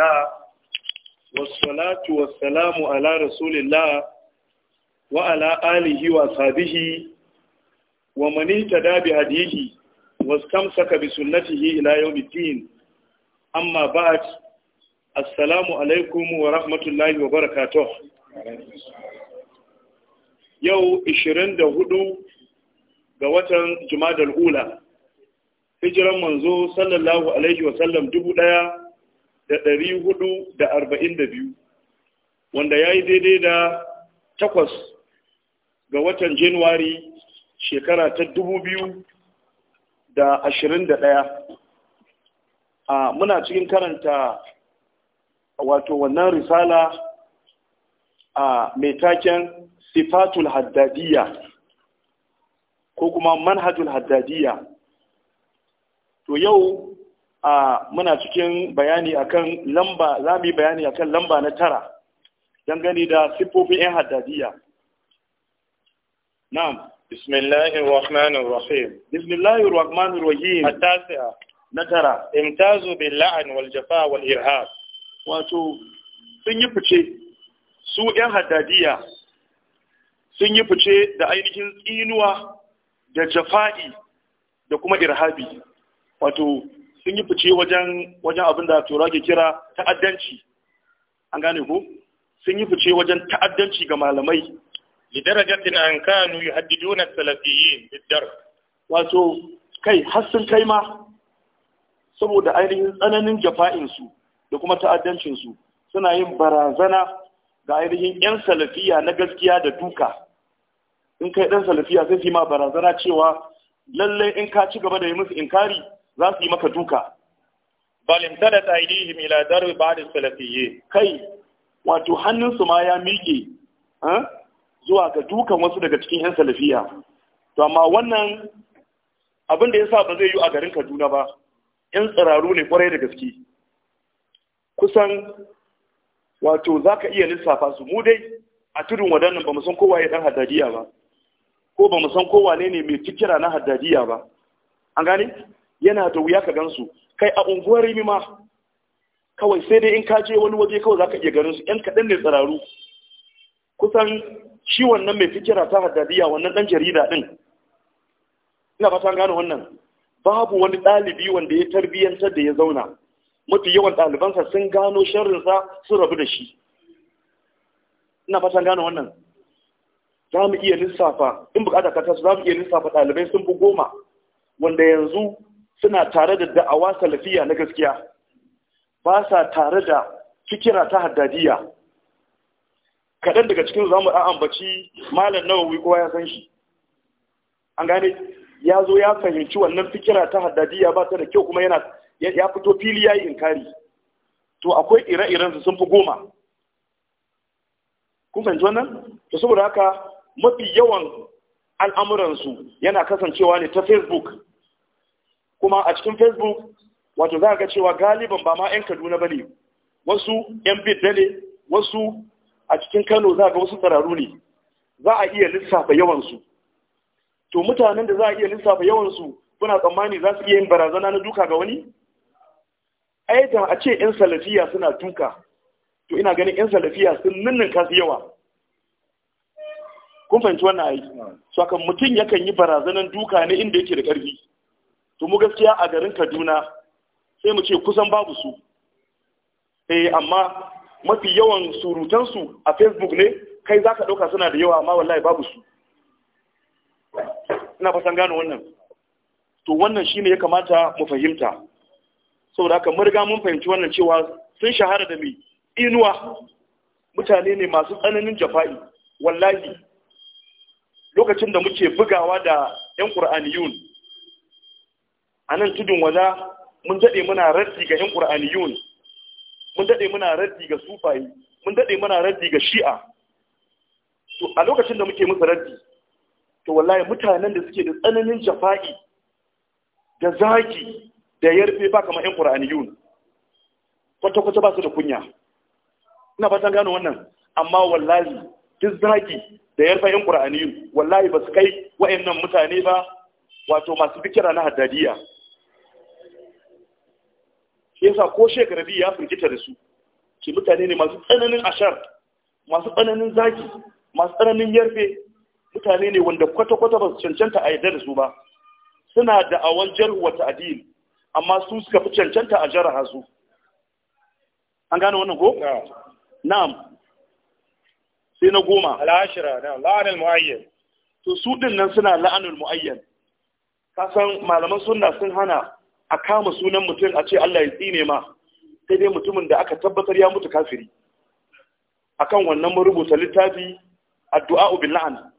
الله والصلاة والسلام على رسول الله وعلى آله وصحبه ومن اهتدى بهديه واستمسك بسنته إلى يوم الدين أما بعد السلام عليكم ورحمة الله وبركاته yau 24 ga watan jumadar ula hijiran manzo sallallahu alaihi wasallam dubu ɗaya da ɗari hudu da arba'in da biyu wanda ya yi daidai da takwas ga watan januwari shekara ta dubu biyu da ashirin da ɗaya a muna cikin karanta wato wannan risala a mai taken sifatul haddadiyya ko kuma manhajul haddadiyya to yau a muna cikin bayani akan lamba za mu yi bayani akan lamba na tara dangane da siffofin 'yan haddadiya na'am bismillahir rahmanir rahim bismillahir rahmanir rahim at na tara imtazu bil la'n wal jafa wal irhab wato sun yi fice su 'yan haddadiya sun yi fice da ainihin tsinuwa da jafa'i da kuma irhabi wato sun yi fice wajen abin da tura ke kira ta'addanci an gane ku sun yi fice wajen ta'addanci ga malamai lidarajatin an kanu yuhaddiduna salafiyyin Biddar. wato kai har sun kai ma saboda ainihin tsananin jafa'in su da kuma ta'addancin su suna yin barazana ga ainihin yan salafiya na gaskiya da duka in kai dan salafiya sai fi ma barazana cewa lallai in ka ci gaba da yi musu inkari za su yi maka duka balin tada tsaidihim ila ba da salafiye. kai wato hannunsu ma ya miƙe zuwa ga dukan wasu daga cikin yan salafiya to amma wannan abin da sa ba zai yi a garin Kaduna ba yan tsiraru ne kwarai da gaske kusan wato za ka iya lissafa su mu dai a tudun wadannan ba mu san kowa ya dan haddadiya ba ko ba mu san kowa ne ne mai cikira na haddadiya ba an gane yana da wuya ka gansu kai a unguwar rimi ma kawai sai dai in ka je wani waje kawai za ka iya ganin su yan kaɗan ne tsararu kusan shi wannan mai fikira ta haddadiya wannan ɗan jarida ɗin ina fata gano wannan babu wani ɗalibi wanda ya tarbiyyantar da ya zauna mafi yawan ɗalibansa sun gano sharrinsa sun rabu da shi ina fatan gano wannan za mu iya lissafa in bukata ka tasu za mu iya lissafa ɗalibai sun fi goma wanda yanzu suna tare da da'awa salafiya na gaskiya ba sa tare da fikira ta haddadiya kaɗan daga cikin zamu a ambaci malam nawawi kowa ya san shi an gane ya zo ya fahimci wannan fikira ta haddadiya ba ta da kyau kuma yana ya fito fili ya yi inkari to akwai ire-iren su sun fi goma kun fahimci wannan to saboda haka mafi yawan al'amuransu yana kasancewa ne ta facebook kuma a cikin facebook wato za ka cewa galiban ba ma 'yan kaduna ba ne wasu 'yan bidda ne wasu a cikin kano za ga wasu tsararru ne za a iya lissafa yawansu to mutanen da za a iya lissafa yawansu kuna tsammani za su iya yin barazana na duka ga wani aita a ce 'yan salafiya suna duka to ina ganin 'yan salafiya sun ninnin kasu yawa kun fahimci wannan aiki so kan mutum yakan yi barazanan duka ne inda yake da ƙarfi to mu gaskiya a garin Kaduna sai mu ce kusan babu su eh amma mafi yawan surutansu a Facebook ne kai zaka ɗauka suna da yawa amma wallahi babu su ina fatan gano wannan to wannan shine ya kamata mu fahimta saboda haka mun riga mun fahimci wannan cewa sun shahara da mai inuwa mutane ne masu tsananin jafa'i wallahi lokacin da muke bugawa da 'yan qur'aniyun a nan tudun waza, mun daɗe muna raddi ga 'yan ƙur'aniyun mun daɗe muna raddi ga sufayi mun daɗe muna raddi ga shi'a to a lokacin da muke musu raddi to wallahi mutanen da suke da tsananin jafa'i da zaki da yarfe ba kamar 'yan ƙur'aniyun kwata-kwata ba su da kunya ina fatan gano wannan amma wallahi duk zaki da yarfe 'yan ƙur'aniyun wallahi ba su kai wa'annan mutane ba wato masu fikira na haddadiya shi yasa ko biyu ya firgita da su ce mutane ne masu tsananin ashar masu tsananin zaki masu tsananin yarfe mutane ne wanda kwata-kwata ba su cancanta a yarda da su ba suna da awon jarwa ta adil amma su suka fi cancanta a jara su an gane wannan ko? na'am sai na goma al'ashira na la'anul mu'ayyan to su din nan suna la'anul mu'ayyan kasan malaman sunna sun hana a kama sunan mutum a ce Allah ya tsine ma sai dai mutumin da aka tabbatar ya mutu kafiri akan wannan rubuta littafi addu'a bil la'an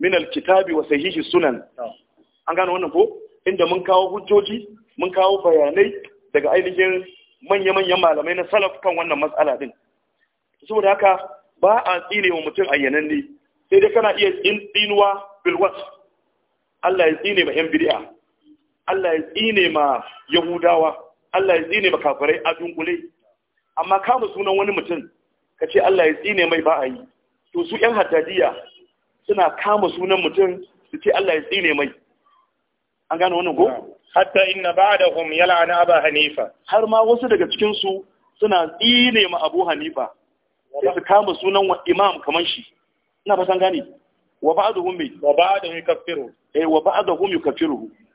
min alkitabi wa sahihi sunan an gano wannan ko inda mun kawo hujjoji mun kawo bayanai daga ainihin manya-manyan malamai na salaf kan wannan matsala din saboda haka ba a tsine wa mutum ne sai dai kana iya tsinuwa bilwat Allah ya tsine ma yan bid'a Allah ya tsine ma Yahudawa Allah ya tsine ma kafirai a dunkule amma kama sunan wani mutum ka ce Allah ya tsine mai ba a yi to su yan haddadiya suna kama sunan mutum su ce Allah ya tsine mai an gane wannan ko hatta inna yala na Abu Hanifa har ma wasu daga cikinsu suna tsine ma Abu Hanifa sai su kama sunan wa imam kamar shi ina fatan gane wa ba ba'dahum mai? wa ba da eh wa ba'dahum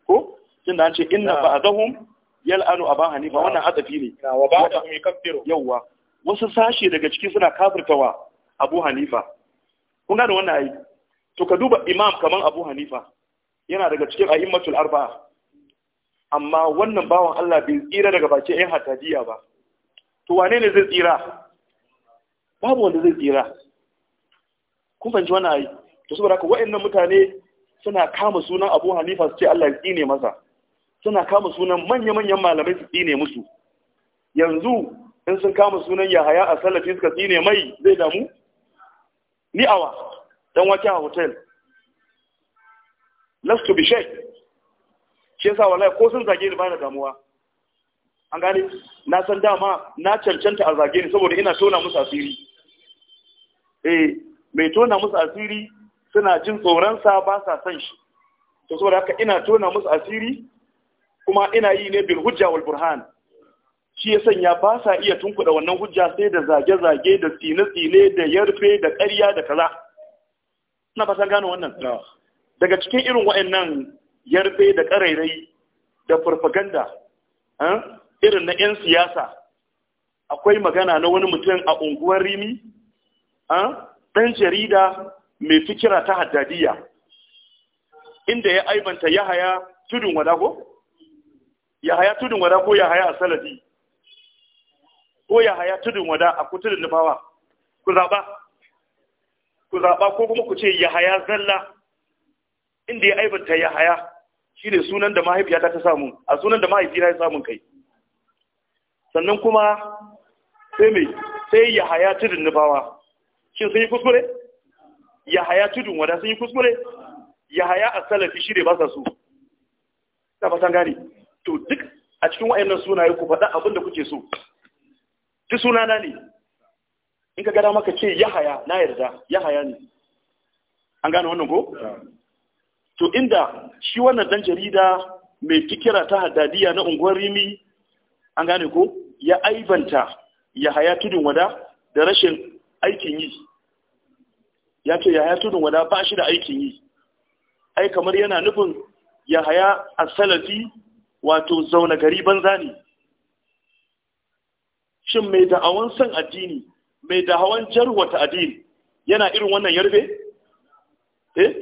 ko tun an ce inna ba'dahum yal'anu aba hanifa wannan hadafi ne wa ba'dahum yakfiru yawa wasu sashe daga ciki suna kafirtawa abu hanifa kun gane wannan ai to ka duba imam kaman abu hanifa yana daga cikin a'immatul arba'a amma wannan bawan Allah bai tsira daga bakin ƴan hatajiya ba to wane ne zai tsira babu wanda zai tsira kun fahimci wannan ai to saboda haka wa'annan mutane suna kama sunan Abu Hanifa su ce Allah ya tsine masa suna kama sunan manya-manyan malamai su tsine musu yanzu in sun kama sunan yahaya a salafi suka tsine mai zai damu ni awa don wake a hotel lastu bi shay shi yasa wallahi ko sun zage ni ba na damuwa an gane na san dama na cancanta a zage ni saboda ina tona musu asiri eh mai tona musu asiri suna jin tsoron sa ba sa san shi to saboda haka ina tona musu asiri kuma ina yi ne bil hujja wal burhan shi ya sanya ba sa iya tunkuda wannan hujja sai da zage-zage da tsine-tsine da yarfe da ƙarya da kaza na san gano wannan daga cikin irin wa'annan yarfe da ƙarairai da farfaganda eh, irin na 'yan siyasa akwai magana na wani mutum a unguwar rimi eh, ɗan jarida mai fikira ta haddadiya inda ya aibanta yahaya tudun wadago ya haya tudun wada ko ya haya a salafi ko ya haya tudun wada a kutudun nufawa ku zaɓa ku zaɓa ko kuma ku ce ya haya zalla inda ya aibanta ya haya shi ne sunan da mahaifiyata ta samu a sunan da mahaifina ya samun kai sannan kuma sai mai sai ya haya tudun nufawa shin sun yi kuskure ya haya tudun wada sun yi kuskure ya haya a salafi shi ne ba sa su ta fasan gani to duk a cikin wa'annan sunaye ku faɗa abin da kuke so duk sunana ne in ka gada maka ce yahaya na yarda yahaya ne an gane wannan ko to inda shi wannan dan jarida mai fikira ta haddadiya na unguwar rimi an gane ko ya aibanta yahaya tudun wada da rashin aikin yi ya ce yahaya tudun wada ba shi da aikin yi ai kamar yana nufin yahaya asalafi wato zauna gari banza ne shin mai hawan san addini mai da'awan jarwata addini yana irin wannan yarbe eh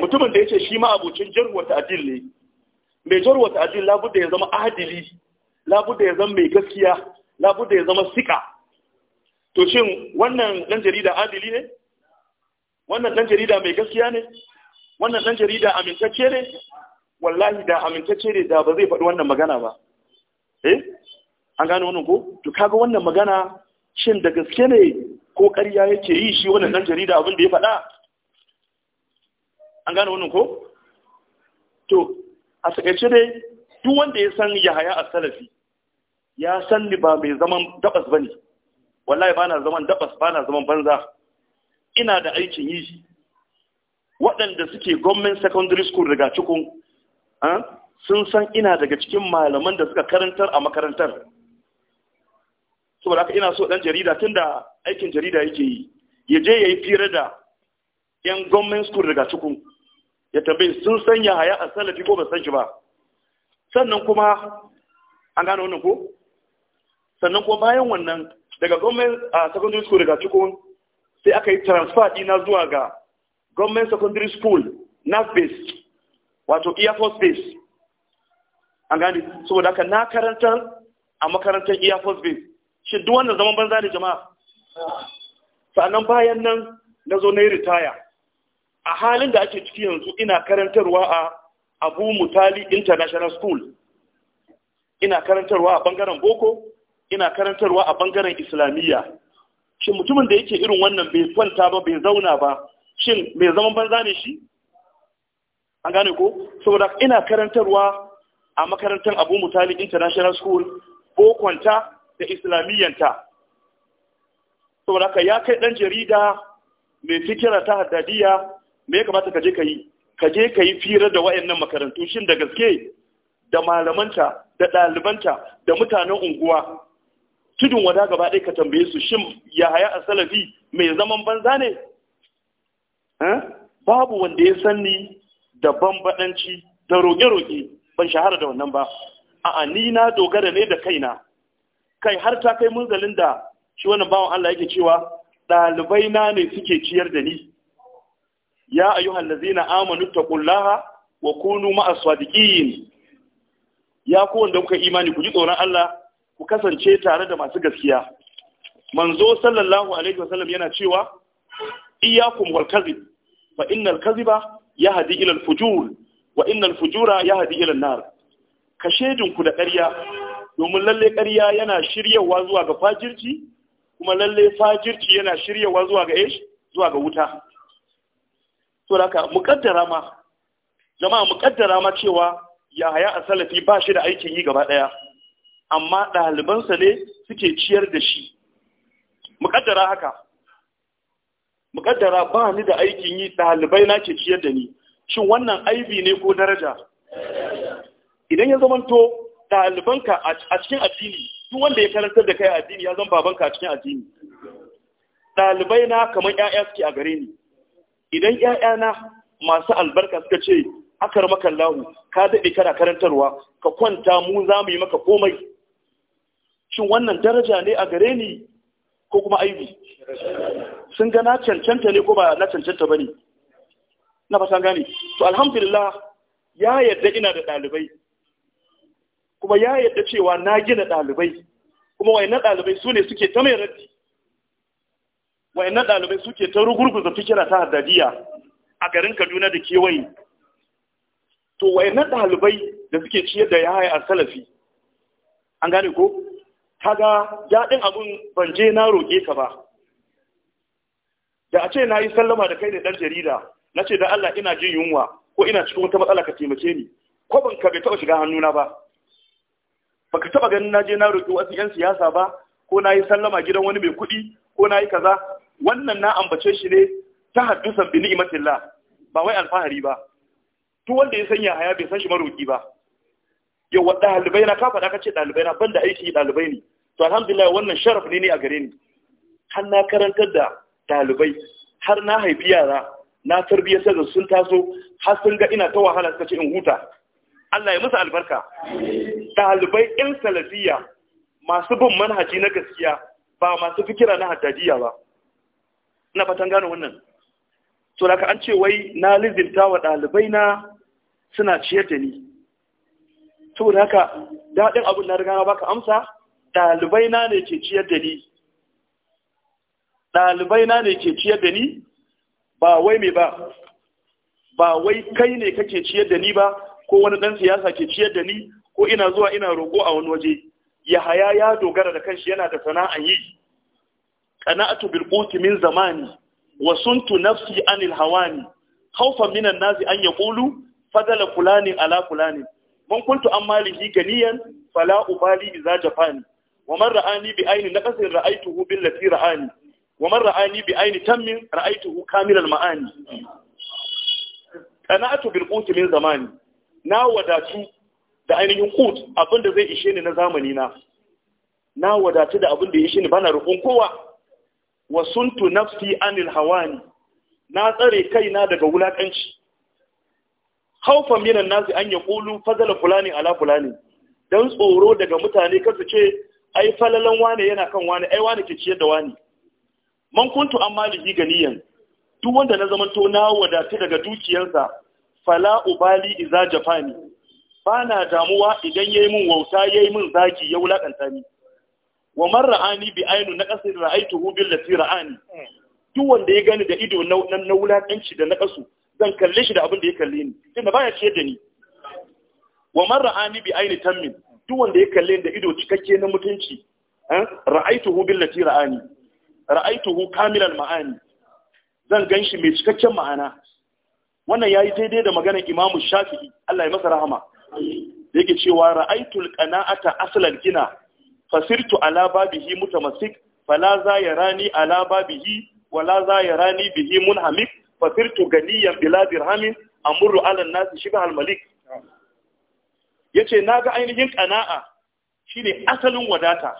mutumin da yace shi ma abocin jarwata addini ne mai jarwata addini labudda ya zama adili labudda ya zama mai gaskiya labudda ya zama sika to shin wannan dan jarida adili ne wannan dan jarida mai gaskiya ne wannan dan jarida amintacce ne wallahi da amintacce ne da ba zai faɗi wannan magana ba eh an gano wannan ko to kaga wannan magana shin da gaske ne ko ƙarya yake yi shi wannan dan jarida abin da ya faɗa an gano wannan ko to a sakaice dai duk wanda ya san Yahaya as-Salafi ya san ni ba mai zaman dabas bane wallahi bana zaman dabas bana zaman banza ina da aikin yi waɗanda suke government secondary school daga cikin sun san ina daga cikin malaman da suka karantar a makarantar saboda aka ina so dan jarida tunda aikin jarida yake yi ya je ya yi fira da yan gwamnan school daga cikin ya tabbai sun san ya haya a salafi ko ba san shi ba sannan kuma an gano wannan ko sannan kuma bayan wannan daga gwamnan a secondary school daga cikin sai aka yi transfer dina zuwa ga gwamnan secondary school na base wato air force base an gane saboda haka na karanta a makarantar air force base shi duk wannan zaman banza da jama'a sannan bayan nan na zo na yi ritaya a halin da ake ciki yanzu ina karantarwa a abu mutali international school ina karantarwa a bangaren boko ina karantarwa a bangaren islamiyya shin mutumin da yake irin wannan bai kwanta ba bai zauna ba shin mai zaman banza ne shi an gane ko saboda ina karantarwa a makarantar abu mutali international school bokonta da islamiyyanta saboda ka ya kai dan jarida mai fikira ta haddadiya mai ya kamata ka je ka yi ka je ka yi fira da wayannan makarantu shin da gaske da malamanta da ɗalibanta da mutanen unguwa tudun wada gaba ɗaya ka tambaye su shin yahaya a salafi mai zaman banza ne eh? babu wanda ya sanni da bambadanci da roƙe-roƙe ban shahara da wannan ba a'a ni na dogara ne da kaina kai har ta kai munzalin da shi wannan bawan Allah yake cewa ɗalibai na ne suke ciyar da ni ya ayyuhal ladzina amanu taqullaha wa kunu ma'as sadiqin ya ku wanda kuka imani ku ji tsoron Allah ku kasance tare da masu gaskiya manzo sallallahu alaihi wasallam yana cewa iyyakum wal kadhib fa innal kadhiba yahdi ila al-fujur wa inna al-fujura yahdi ila an-nar ka ku da ƙarya domin lalle ƙarya yana shiryawa zuwa ga fajirci kuma lalle fajirci yana shiryawa zuwa ga ish zuwa ga wuta to haka muqaddara ma jama'a muqaddara ma cewa Yahaya haya asalafi ba shi da aikin yi gaba daya amma ɗalibansa ne suke ciyar da shi muƙaddara haka mukaddara ba ni da aikin yi ɗalibai na ke ciyar da ni shin wannan aibi ne ko daraja idan ya zamanto ɗalibanka a cikin addini duk wanda ya karantar da kai addini ya zama babanka a cikin addini ɗalibai na kamar ƴaƴa suke a gare ni idan ƴaƴa na masu albarka suka ce akar maka lahu ka daɗe kana karantarwa ka kwanta mu za mu yi maka komai shin wannan daraja ne a gare ni ko kuma aibi sun ga na cancanta ne ko ba na cancanta ba ne na fasan gane to alhamdulillah ya yadda ina da ɗalibai kuma ya yadda cewa na gina ɗalibai kuma wayannan ɗalibai su ne suke ta mai raddi wayannan ɗalibai suke ta rugurguza fikira ta haddadiya a garin kaduna da kewaye to wayannan ɗalibai da suke ciyar da yaya a salafi an gane ko kaga daɗin abun ban je na roƙe ka ba da a ce na yi sallama da kai da dan jarida na ce da Allah ina jin yunwa ko ina cikin wata matsala ka taimake ni ko ban ka bai taɓa shiga hannuna ba Ba ka taɓa ganin na je na roƙi wasu 'yan siyasa ba ko na yi sallama gidan wani mai kuɗi ko na yi kaza wannan na ambace shi ne ta haddusan bi ni'matillah ba wai alfahari ba duk wanda ya sanya haya bai san shi maroƙi ba yau wa ɗalibai na ka faɗa ka ce ɗalibai na banda aiki ɗalibai ne to alhamdulillah wannan sharaf ne ne a gare ni har na karantar da Dalibai, har na haifi yara na tarbiyyatar da sun taso har sun ga ina ta wahala suka ce in huta Allah ya musu albarka Dalibai in salafiya masu bin manhaji na gaskiya ba masu fikira na haddadiya ba ina fatan gane wannan to da an ce wai na lizinta wa dalibai na suna ciyar da ni to da haka daɗin abin na riga na baka amsa ɗalibai na ne ke ciyar da ni ɗalibai na ne ke ciyar da ni ba wai ba ba wai kai ne kake ciyar da ni ba ko wani ɗan siyasa ke ciyar da ni ko ina zuwa ina roƙo a wani waje yahaya ya dogara da kanshi yana da sana'an yi qana'atu bil min zamani wa suntu nafsi anil hawani khawfan min an-nas an yaqulu fadala fulani ala fulani man kuntu an malihi ganiyan fala ubali iza jafani wa man ra'ani bi ayni naqasin ra'aytuhu billati ra'ani wa man ra'ani bi aini tammin ra'aituhu kamilal ma'ani qana'atu bil qut min zamani na wadatu da ainihin abinda zai ishe ni na zamani na na wadatu da da ya ishe ni bana rukun kowa wa suntu nafsi anil hawani na tsare kaina daga wulakanci haufan minan nasi an yaqulu fadala fulani ala fulani dan tsoro daga mutane kasu ce ai falalan wane yana kan wane ai wane ke ciyar da wani man kuntu an malihi ganiyan duk wanda na to na wadatu daga dukiyarsa fala ubali iza jafani ba na damuwa idan yayi min wauta yayi min zaki ya wulakanta ni wa man ra'ani bi ainu na qasir ra'aituhu bil lati ra'ani duk wanda ya gani da ido na na wulakanci da na kasu zan kalle shi da abin da ya kalle ni tunda baya ce da ni wa man ra'ani bi ainu tammin duk wanda ya kalle da ido cikakke na mutunci eh, ra'aituhu bil lati ra'ani ra'aituhu kamilan ma'ani zan ganshi mai cikakken ma'ana wannan yayi daidai da maganar Imam Shafi'i Allah ya masa rahama yake cewa ra'aitul qana'ata aslan gina fasirtu ala babihi mutamassik fala za yarani ala babihi wala za yarani bihi munhamik fasirtu ganiyan bila dirhamin amurru ala nasi shibha al-malik yace naga ainihin qana'a shine asalin wadata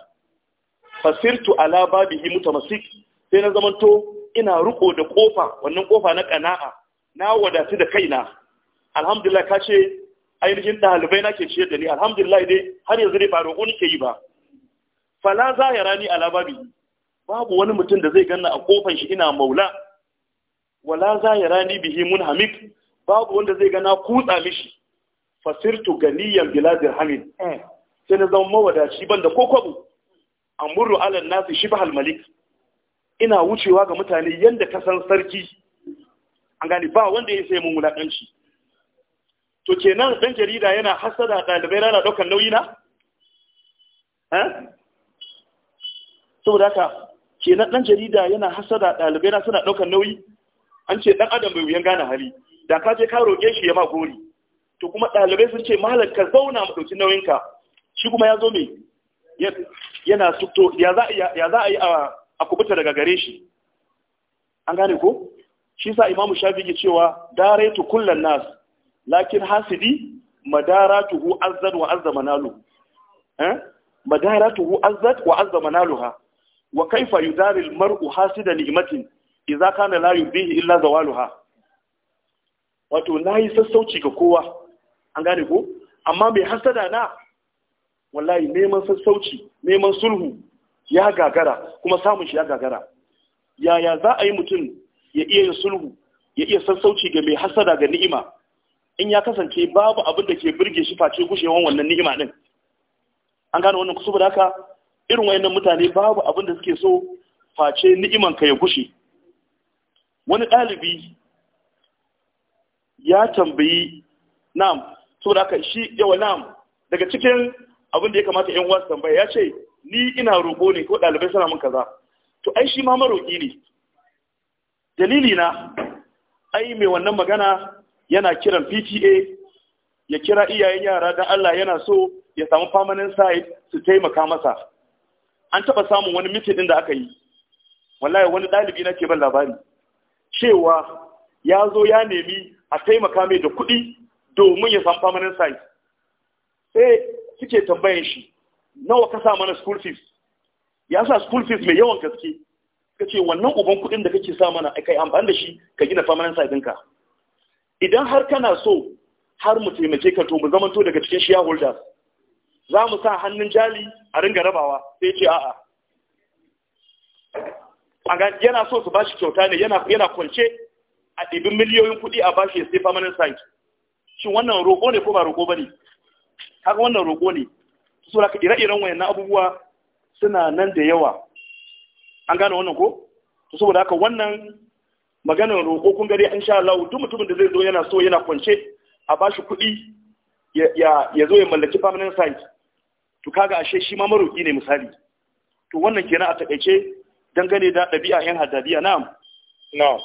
fasirtu ala babihi mutamassik sai na zamanto ina riko da kofa wannan kofa na kana'a na wadatu da kaina alhamdulillah ka ce ainihin ɗalibai na ke ciyar da ni alhamdulillah dai har yanzu dai ba roƙo nake yi ba fala zahira ni ala babi babu wani mutum da zai ganna a kofan shi ina maula wala zahira ni bihi munhamik babu wanda zai gana kutsa mishi fasirtu ganiyan biladir dirhamin eh. sai na zama mawadaci ban da ko kwabo amuru alal nasi shibhal malik ina wucewa ga mutane yanda ka san sarki an gani ba wanda ya sai mun mulakanci to kenan dan jarida yana hasada dalibai rana daukan nauyi na eh saboda haka kenan dan jarida yana hasada dalibai na suna daukan nauyi an ce dan adam bai wuyan gane hali da ka je ka roke shi ya ma gori to kuma dalibai sun ce malaka zauna mu dauki ka. shi kuma ya zo me yana suto ya za a yi a kubuta daga gare shi an gane ko shi sa imamu shafi ke cewa tu kullan nas lakin hasidi madaratuhu azzad wa azza manalu eh madaratuhu azzad wa azza ha wa kaifa yudari almar'u hasida ni'matin idza kana la yubihi illa zawaluha wato nayi sassauci ga kowa an gane ko amma mai hasada na wallahi neman sassauci neman sulhu ya gagara kuma samun shi ya gagara yaya za a yi mutum ya iya yin sulhu ya iya sassauci ga mai hasada ga ni'ima in ya kasance babu abin da ke birge shi face gushewan wannan ni'ima din an gane wannan kusur da haka irin wayannan mutane babu abin da suke so face ni'iman ka ya gushe wani ɗalibi ya tambayi na'am saboda haka shi yawa na'am daga cikin abin da ya kamata yan uwa tambaya ya ce ni ina roƙo ne ko ɗalibai suna mun kaza to ai shi ma maroƙi ne dalili na ai mai wannan magana yana kiran PTA ya kira iyayen yara dan Allah yana so ya samu permanent site su taimaka masa an taɓa samun wani mitin ɗin da aka yi wallahi wani ɗalibi na ke ban labari cewa ya zo ya nemi a taimaka mai da kuɗi domin ya samu permanent site sai suke tambayan shi nawa ka sa mana school fees ya sa school fees mai yawan gaske ka ce wannan uban kuɗin da kake sa mana kai amfani da shi ka gina permanent site ɗinka idan har kana so har mu taimake ka to mu zamanto daga cikin shareholders za mu sa hannun jali a ringa rabawa sai ce a'a yana so su bashi kyauta ne yana kwance a ɗibin miliyoyin kuɗi a bashi ya sai permanent site shin wannan roƙo ne ko ba roƙo ba ne kaga wannan roƙo ne so da ire-iren na abubuwa suna nan da yawa an gane wannan ko to saboda haka wannan maganar roƙo kun gare sha Allah duk mutumin da zai zo yana so yana kwance a bashi kuɗi ya zo ya mallaki permanent site to kaga ashe shi ma maroƙi ne misali to wannan kenan a takaice dangane da ɗabi'a yan haddadiya na'am na'am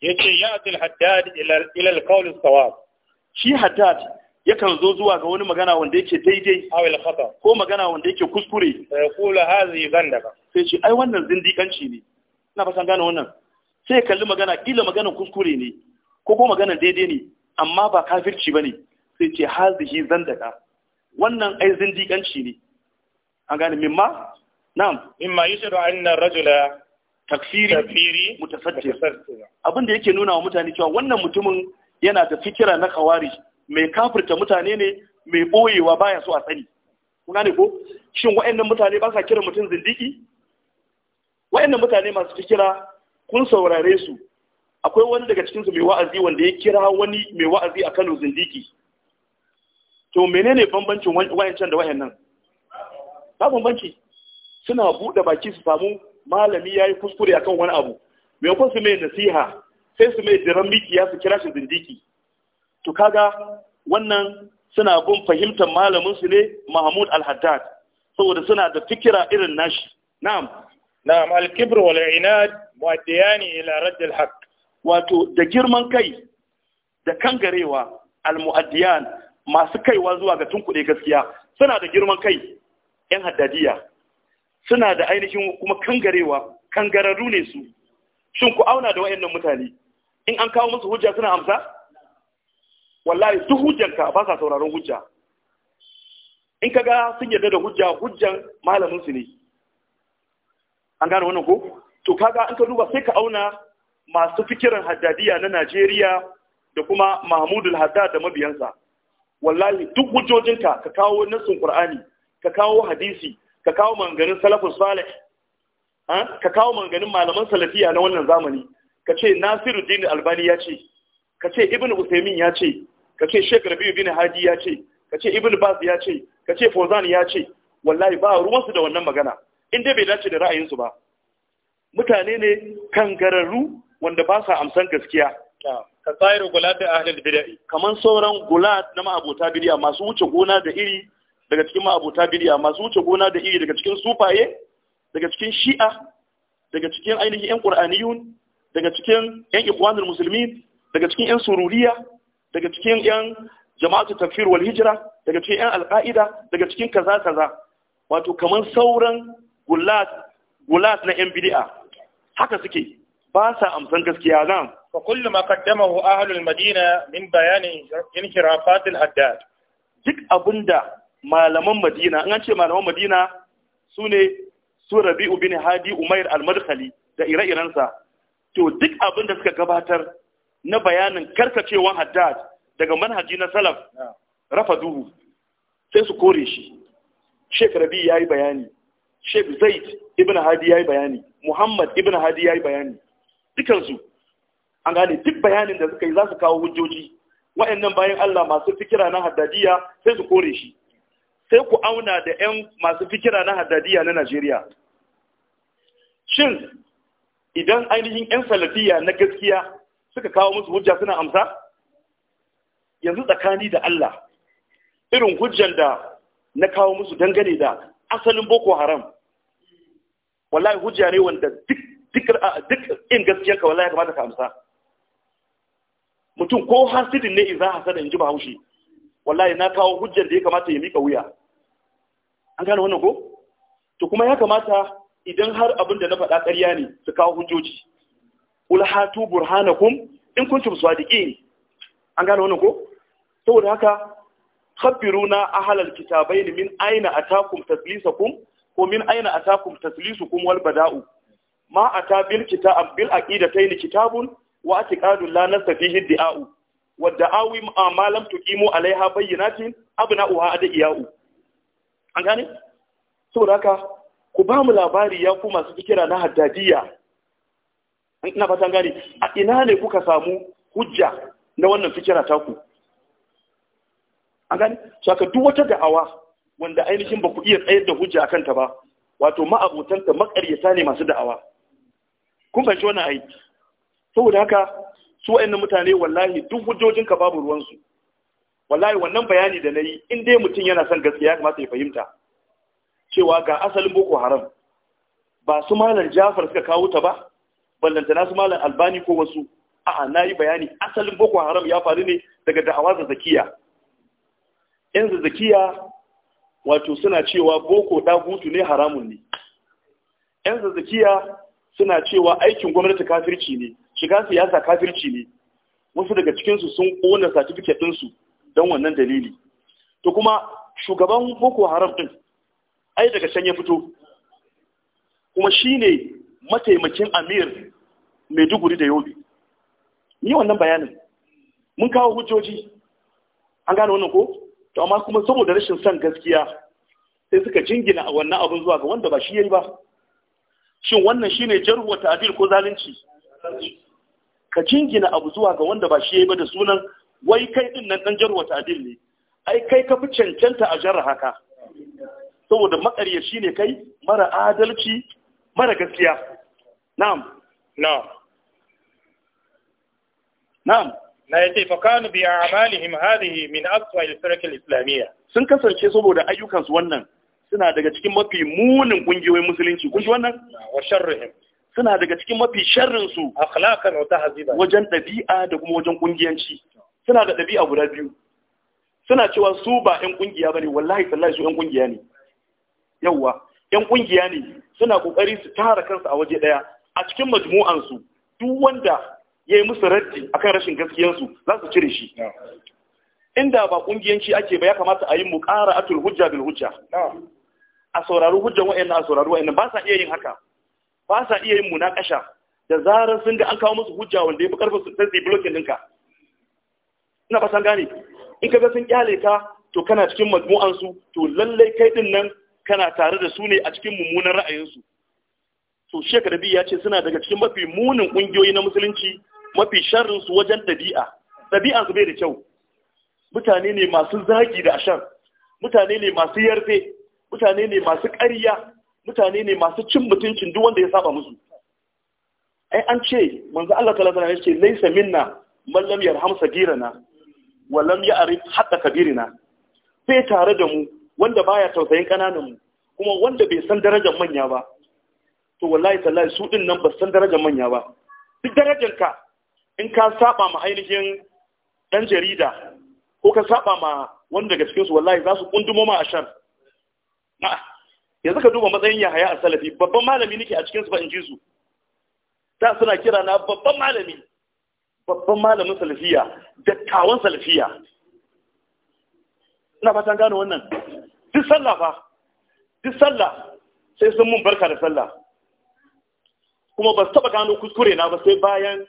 yace ya'til haddad ila ila al-qawl as-sawab shi haddad yakan zo zuwa ga wani magana wanda yake daidai ko magana wanda yake kuskure ya kula hazi zandaka sai ce ai wannan zindikanci ne ina fatan gane wannan sai ya kalli magana kila magana kuskure ne ko ko magana daidai ne amma ba kafirci bane sai ce hazihi zandaka wannan ai zindikanci ne an gane mimma na'am mimma yushiru anna rajula takfiri takfiri mutasaddir Abinda yake nuna wa mutane cewa wannan mutumin yana da fikira na kawari mai kafirta mutane ne mai boyewa baya so a sani kuna ne ko shin wa'annan mutane ba sa kira mutum zindiki wa'annan mutane masu ta kira kun saurare su akwai wani daga cikinsu mai wa'azi wanda ya kira wani mai wa'azi a Kano zindiki to menene bambancin can da nan? ba bambanci suna buɗe baki su samu malami ya yi kuskure akan wani abu maimakon su mai nasiha sai su mai diran mikiya su kira shi zindiki to kaga wannan suna bin fahimtar malamin su ne Mahmud Al-Haddad saboda suna da fikira irin nashi na'am na'am al-kibr wal inad mu'addiyani ila radd al-haq wato da girman kai da kangarewa al-mu'addiyan masu kaiwa zuwa ga tunkuɗe gaskiya suna da girman kai yan haddadiya suna da ainihin kuma kangarewa kangararru ne su shin ku auna da wayannan mutane in an kawo musu hujja suna amsa wallahi duk hujjanka ba sa sauraron hujja in ka ga sun yarda da hujja hujjan malamin su ne an gane wannan ko to kaga in ka duba sai ka auna masu fikirin haddadiya na Najeriya da kuma Mahmudul Haddad da mabiyansa wallahi duk hujjojinka ka kawo nassin Qur'ani ka kawo hadisi ka kawo manganin salafus salih ka kawo manganin malaman salafiya na wannan zamani ka ce Nasiruddin Albani ya ce ka ce Ibn Usaimin ya ce ka ce Sheikh Rabi'u bin Hadi ya ce ka ce Ibn Bas ya ce ka ce Fozan ya ce wallahi ba ruwansu da wannan magana in dai bai dace da ra'ayinsu ba mutane ne kan kangararru wanda ba sa amsan gaskiya ka tsayar gulat da ahlul kaman sauran gulat na ma'abota bid'a masu wuce gona da iri daga cikin ma'abota bid'a masu wuce gona da iri daga cikin sufaye daga cikin shi'a daga cikin ainihin yan qur'aniyun daga cikin yan ikhwanul muslimin daga cikin yan sururiya daga cikin yan jama'atu tafsir wal hijira daga cikin yan alƙa'ida daga cikin kaza kaza wato kamar sauran gulat na yan bid'a haka suke ba sa amsan gaskiya nan fa kullu ma qaddamahu ahlul madina min bayani inhirafat al haddad duk abinda malaman madina an ce malaman madina sune su rabi'u bin hadi umair al-madkhali da ire-irensa to duk abinda suka gabatar na bayanin karkacewan haddad daga manhaji na salaf rafa duhu sai su kore shi sheik rabi ya yi bayani sheik zaid ibn hadi ya yi bayani muhammad ibn hadi ya yi bayani dukansu an gane duk bayanin da suka yi za su kawo hujjoji wa'annan bayan allah masu fikira na haddadiya sai su kore shi sai ku auna da 'yan masu fikira na haddadiya na najeriya shin idan ainihin 'yan salafiya na gaskiya suka kawo musu hujja suna amsa yanzu tsakani da Allah irin hujjan da na kawo musu dangane da asalin boko haram wallahi hujja ne wanda duk in gaskiyarka ka wallahi kamata ka amsa mutum ko hasidin ne in a hasada in ji bahaushe wallahi na kawo hujjar da ya kamata ya mika wuya an gane wannan ko to kuma ya kamata idan har abin da na faɗa ƙarya ne su kawo hujjoji qul hatu burhanakum in kuntum sadiqin an gane wannan ko saboda haka khabiruna ahlal kitabain min aina atakum taslisukum ko min aina atakum taslisukum wal bada'u ma ata bil kitab bil aqidatayn kitabun wa atiqadun la nastafihi di'a'u wa da'awi ma lam tuqimu alaiha bayyinatin abna'uha adiya'u an gane saboda haka ku ba mu labari ya ku masu fikira na haddadiyya ina fatan gani a ina ne kuka samu hujja na wannan fikira taku an gani? saka duk wata da'awa wanda ainihin ba ku iya tsayar da hujja akan ta ba wato ta makaryata ne masu da'awa kun fahimci wannan ai saboda haka su wayannan mutane wallahi duk hujjojin ka babu ruwan su wallahi wannan bayani da nayi in dai mutum yana son gaskiya kamata ya fahimta cewa ga asalin boko haram ba su malam Jafar suka kawo ta ba ballanta nasu malam albani ko wasu a'a na yi bayani asalin boko haram ya faru ne daga da'awa Zakiya. yan Zakiya wato suna cewa boko dagutu ne haramun ne yan Zakiya suna cewa aikin gwamnati kafirci ne shiga siyasa kafirci ne wasu daga cikinsu sun kona satifiket su don wannan dalili to kuma shugaban boko haram ɗin ai daga can ya fito kuma shi ne mataimakin amir maiduguri da yobe ni wannan bayanin mun kawo hujjoji an gane wannan ko to amma kuma saboda rashin son gaskiya sai suka jingina wannan abin zuwa ga wanda ba shi yayi ba shin wannan shine jarwa ta'dil ko zalunci ka jingina abu zuwa ga wanda ba shi yayi ba da sunan wai kai din nan dan jarwa ta'dil ne ai kai ka fi cancanta a jarra haka saboda shi ne kai mara adalci mara gaskiya na'am na'am na'am na yace fa kanu bi a'malihim hadhihi min aswa al-firq al-islamiyya sun kasance saboda ayyukan su wannan suna daga cikin mafi munin kungiyoyin musulunci kun ji wannan wa sharrihim suna daga cikin mafi sharrin su akhlaqan wa tahziban wajen dabi'a da kuma wajen kungiyanci suna da dabi'a guda biyu suna cewa su ba ƴan kungiya bane wallahi sallahi su ƴan kungiya ne yawwa yan kungiya ne suna kokari su tara kansu a waje daya a cikin majmu'an su duk wanda ya yi musu raddi akan rashin gaskiyar su za su cire shi inda ba kungiyanci ake ba ya kamata a yi mu ƙara atul hujja bil hujja a saurari hujjan wayannan a saurari wayannan ba sa iya yin haka ba sa iya yin munakasha da zarar sun ga an kawo musu hujja wanda ya fi karfin su sai su blocking ɗinka ina ba san gane in ka ga sun kyale ka to kana cikin majmu'ansu to lallai kai din nan kana tare da su ne a cikin mummunan ra'ayinsu to shek rabi ya ce suna daga cikin mafi munin ƙungiyoyi na musulunci mafi sharrin su wajen ɗabi'a Ɗabi'a su bai da kyau mutane ne masu zagi da ashar mutane ne masu yarfe mutane ne masu ƙarya mutane ne masu cin mutuncin duk wanda ya saba musu ai an ce manzo Allah ta alaihi ya ce laysa minna man lam yarham sagirana wa lam ya'rif hatta kabirina sai tare da mu wanda baya tausayin kananan mu kuma wanda bai san darajar manya ba to wallahi tallahi su din nan ba san darajar manya ba duk darajar ka in ka saba ma ainihin dan jarida ko ka saba ma wanda daga cikin su wallahi za su kundumo ma ashar yanzu ka duba matsayin Yahaya a Salafi babban malami nake a cikin su ba in ji su ta suna kira na babban malami babban malamin salafiya dattawan salafiya ina fatan gano wannan duk sallah fa duk sallah sai sun mun barka da sallah kuma ba su taba gano kuskure na ba sai bayan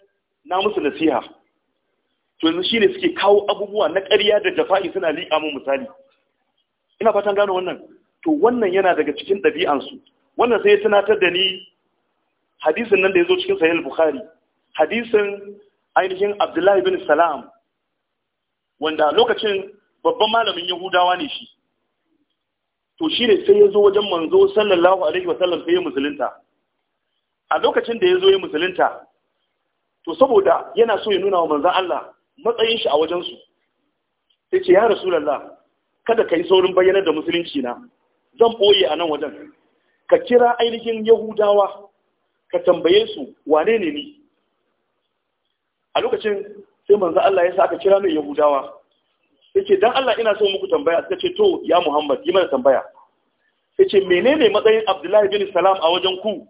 na musu nasiha to yanzu shine suke kawo abubuwa na ƙarya da jafa'i suna liƙa mun misali ina fatan gano wannan to wannan yana daga cikin ɗabi'ansu wannan sai ya tunatar da ni hadisin nan da ya zo cikin sahih bukhari hadisin ainihin abdullahi bin salam wanda lokacin babban malamin yahudawa ne shi to shi ne sai ya zo wajen manzo sallallahu alaihi wa sallam sai ya musulunta a lokacin da ya zo ya musulunta to saboda yana so ya nuna wa manzon Allah matsayin shi a wajen su sai ce ya rasulullah kada kai saurin bayyana da musulunci na zan boye a nan wajen ka kira ainihin yahudawa ka tambaye su wane ne ni a lokacin sai manzon Allah ya sa aka kira mai yahudawa yace dan Allah ina so muku tambaya suka ce to ya Muhammad yi mana tambaya yace menene matsayin Abdullahi bin Salam a wajen ku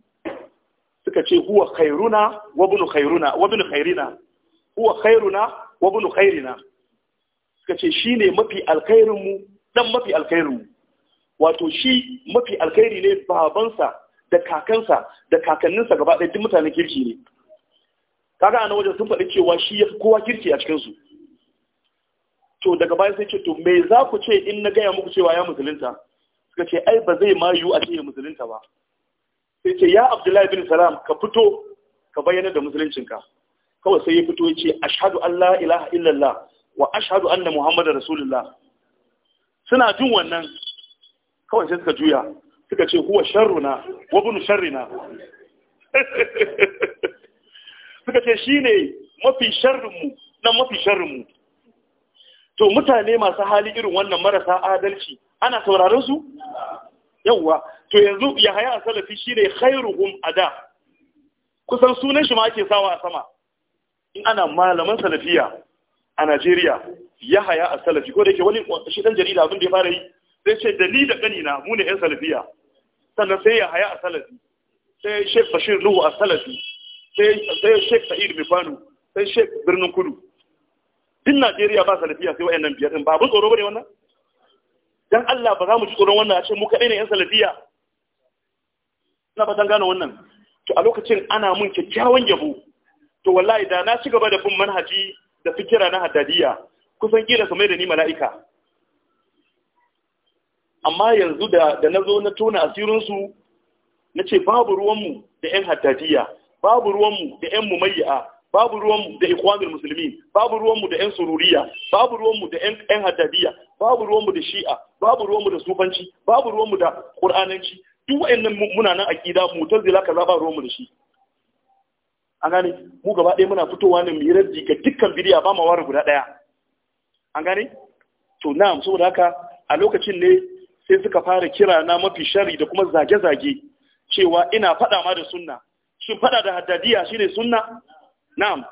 suka ce huwa khairuna wa ibn khairuna wa ibn khairina huwa khairuna wa ibn khairina suka ce shine mafi alkhairin mu dan mafi alkhairin mu wato shi mafi alkhairi ne babansa da kakansa da kakanninsa gaba ɗaya duk mutanen kirki ne kaga a wajen sun faɗi cewa shi ya kowa kirki a cikinsu to daga baya sai ce to me za ku ce in na gaya muku cewa ya musulunta suka ce ai ba zai mayu a ce ya musulunta ba sai ce ya abdullahi bin salam ka fito ka bayyana da musuluncinka kawai sai ya fito ya ce ashadu allah ilaha illallah wa ashadu anna Muhammadu rasulullah suna jin wannan kawai sai suka juya suka ce huwa sharruna wa bunu sharrina suka ce shine mafi sharrinmu na mafi sharrinmu to mutane masu hali irin wannan marasa adalci ana sauraron su yawwa to yanzu ya haya a salafi shi ne khairuhum ada kusan sunan shi ma ake sawa a sama in ana malaman salafiya a Najeriya ya haya a salafi ko da yake wani shi dan jarida abin da ya fara yi sai ce da ni da kanina mu ne yan salafiya sannan sai ya haya a salafi sai Sheikh Bashir Nuhu a salafi sai sai Sheikh Sa'id Mifanu sai Sheikh Birnin Kudu din Najeriya ba salafiya sai wayannan biyar din ba abin tsoro bane wannan dan Allah ba za mu ji tsoron wannan a ce mu kadai ne yan salafiya na ba gane wannan to a lokacin ana mun kyakkyawan yabo to wallahi da na ci gaba da bin manhaji da fikira na haddadiya kusan kila su mai da ni mala'ika amma yanzu da da nazo na tona asirin su nace babu ruwanmu da yan haddadiya babu ruwanmu da yan mumayya babu ruwanmu da ikwanul muslimin babu ruwanmu da 'yan sururiya babu ruwanmu da 'yan haddadiya babu ruwanmu da shi'a babu ruwanmu da sufanci babu ruwanmu da ƙur'ananci duk wa'annan nan aƙida mutazila kaza ba ruwanmu da shi an gane mu gaba ɗaya muna fitowa ne mu yi raddi ga dukkan bidiya ba ma ware guda ɗaya an gane to na'am saboda haka a lokacin ne sai suka fara kira na mafi shari da kuma zage-zage cewa ina faɗa ma da sunna shin faɗa da haddadiya shine sunna na'am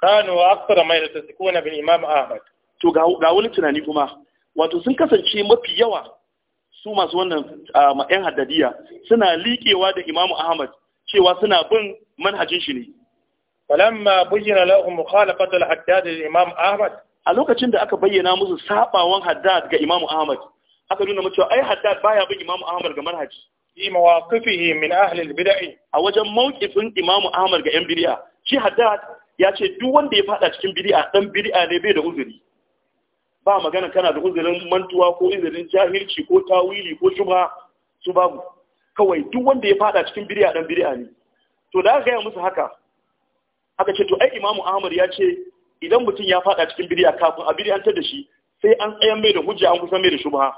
kanu akthar ma yaltasikuna bin imam ahmad to ga wani tunani kuma wato sun kasance mafi yawa su masu wannan yan haddadiya suna liƙewa da imam ahmad cewa suna bin manhajin shi ne falamma bayyana lahum mukhalafat al haddad li imam ahmad a lokacin da aka bayyana musu sabawan haddad ga imam ahmad aka nuna mutuwa ai haddad baya bin imam ahmad ga manhaji fi mawaqifihi min ahli al bid'ah a wajen mawqifin imam ahmad ga yan bid'ah shi haddad ya ce duk wanda ya fada cikin bid'a dan bid'a ne bai da uzuri ba magana kana da uzurin mantuwa ko uzurin jahilci ko tawili ko shubha su babu kawai duk wanda ya fada cikin bid'a dan bid'a ne to da aka gaya musu haka aka ce to ai imamu ahmad ya ce idan mutum ya fada cikin bid'a kafin a bid'antar da shi sai an tsayan mai da hujja an kusan mai da shubha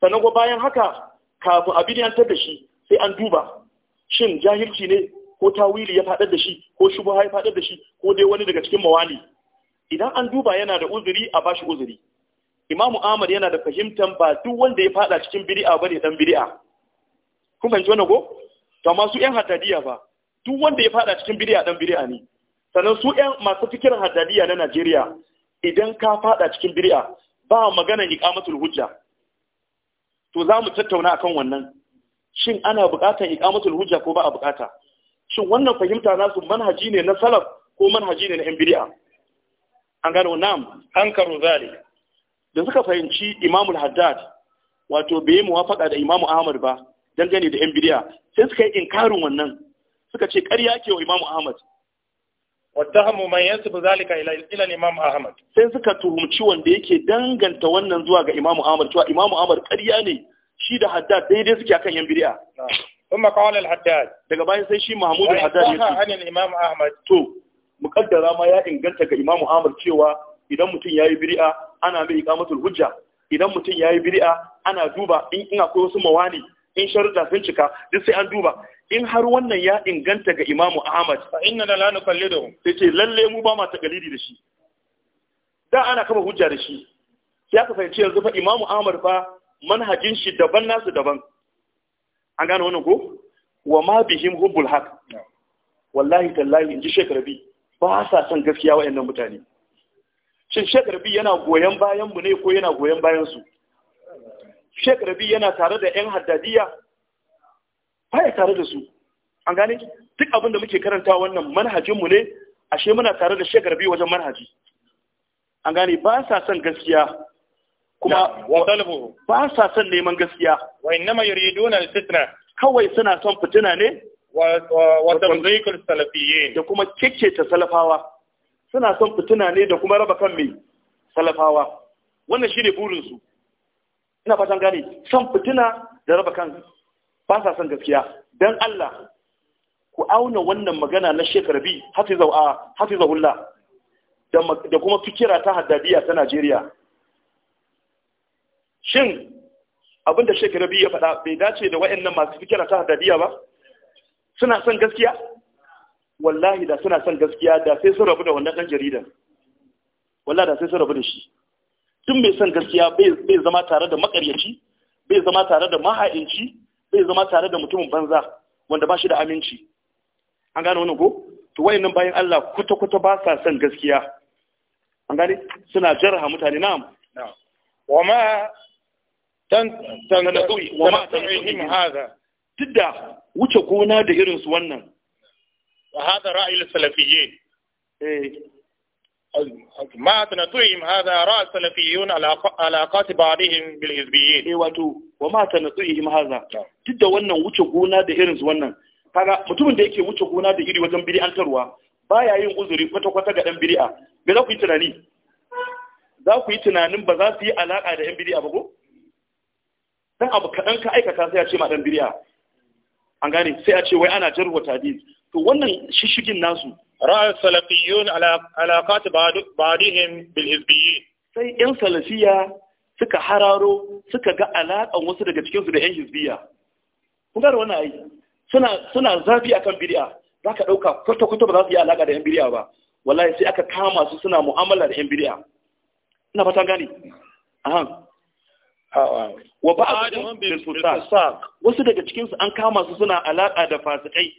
sannan ko bayan haka kafin a bid'antar da shi sai an duba shin jahilci ne ko tawili ya faɗar da shi ko shubha ya faɗar da shi ko dai wani daga cikin mawali idan an duba yana da uzuri a bashi uzuri imamu ahmad yana da fahimtar ba duk wanda ya faɗa cikin bid'a ne dan bid'a kun fahimci wannan ko to amma su yan haddadiya ba duk wanda ya faɗa cikin bid'a dan bid'a ne sannan su yan masu fikirin hadadiya na Najeriya idan ka faɗa cikin bid'a ba magana iqamatul hujja to za mu tattauna akan wannan shin ana buƙatar iqamatul hujja ko ba a buƙata shin wannan fahimta nasu manhaji ne na salaf ko manhaji ne na yan bid'a an gano nam an karo zali da suka fahimci al haddad wato bai muwafaka da imamu ahmad ba dangane da yan bid'a sai suka yi inkarin wannan suka ce ƙarya ke wa imamu ahmad wattahamu man yansubu zalika ila ila imamu ahmad sai suka tuhumci wanda yake danganta wannan zuwa ga imamu ahmad cewa imamu ahmad ƙarya ne shi da haddad daidai suke akan yan bid'a ثم قال الحداد daga bayan sai shi Mahmud al-Haddad ya ce an Imam Ahmad to muqaddara ma ya inganta ga Imam Ahmad cewa idan mutum yayi bid'a ana mai iqamatul hujja idan mutum yayi bid'a ana duba in in akwai wasu mawani in sharuda sun cika duk sai an duba in har wannan ya inganta ga Imam Ahmad fa inna la nuqalliduhum sai ce lalle mu ba ma takalidi da shi da ana kama hujja da shi sai aka fahimci yanzu fa Imam Ahmad fa manhajin shi daban nasu daban an gane wannan ko wa ma bihim hubbul haq wallahi tallahi ji shekarabi ba sa son gaskiya wayannan mutane shin shekarabi yana goyen bayan mu ne ko yana goyen bayan su shekarabi yana tare da yan haddadiya baya tare da su an gane duk abin da muke karanta wannan manhajin mu ne ashe muna tare da shekarabi wajen manhaji an gane ba sa son gaskiya kuma ba sa son neman gaskiya wa innama yuriduna al kawai suna son fitina ne wa tamzikul salafiyyin da kuma ta salafawa suna son fitina ne da kuma raba kan mai salafawa wannan shine burin su ina fatan gane son fitina da raba kan ba sa son gaskiya dan Allah ku auna wannan magana na Sheikh Rabi a ah, hafizahullah da kuma fikira ta haddadiya ta Najeriya shin abin da shekaru biyu ya faɗa bai dace da wa'in nan masu fikira ta haddadiya ba suna son gaskiya wallahi da suna son gaskiya da sai sun rabu da wannan ɗan jaridan wallahi da sai sun rabu da shi tun mai son gaskiya bai zama tare da makaryaci bai zama tare da maha'inci bai zama tare da mutumin banza wanda ba shi da aminci an gane wani ko to nan bayan Allah kwata-kwata ba sa son gaskiya an gane suna jarha mutane na'am wa ma tanqi wa tidda wuce gona da irin wannan wa hadha ra'ayi salafiyyin eh ma yin hadha ra'ayi salafiyyun alaqat ba'dihim bil hizbiyyin eh wato wa ma tanqihim hadha da wannan wuce gona da irin wannan kaga mutumin da yake wuce gona da iri wajen yin uzuri kwata-kwata ga za ku yi tunani za ku yi tunanin ba za su yi alaka da yan bid'a ba ko dan abu kaɗan ka aikata sai ya ce ma dan biriya an gane sai a ce wai ana jarwa tadil to wannan shishigin nasu ra'a salafiyun ala alaqat ba'dihim bil hizbiyyi sai yan salafiya suka hararo suka ga alaƙan wasu daga cikinsu da yan hizbiya kun gane wannan ai suna suna zafi akan biriya. za ka ɗauka kwata-kwata ba za su yi alaƙa da yan biriya ba wallahi sai aka kama su suna mu'amala da yan biriya. ina fata gane ahan wa ba a da fusaq wasu daga cikin su an kama su suna alaka da fasikai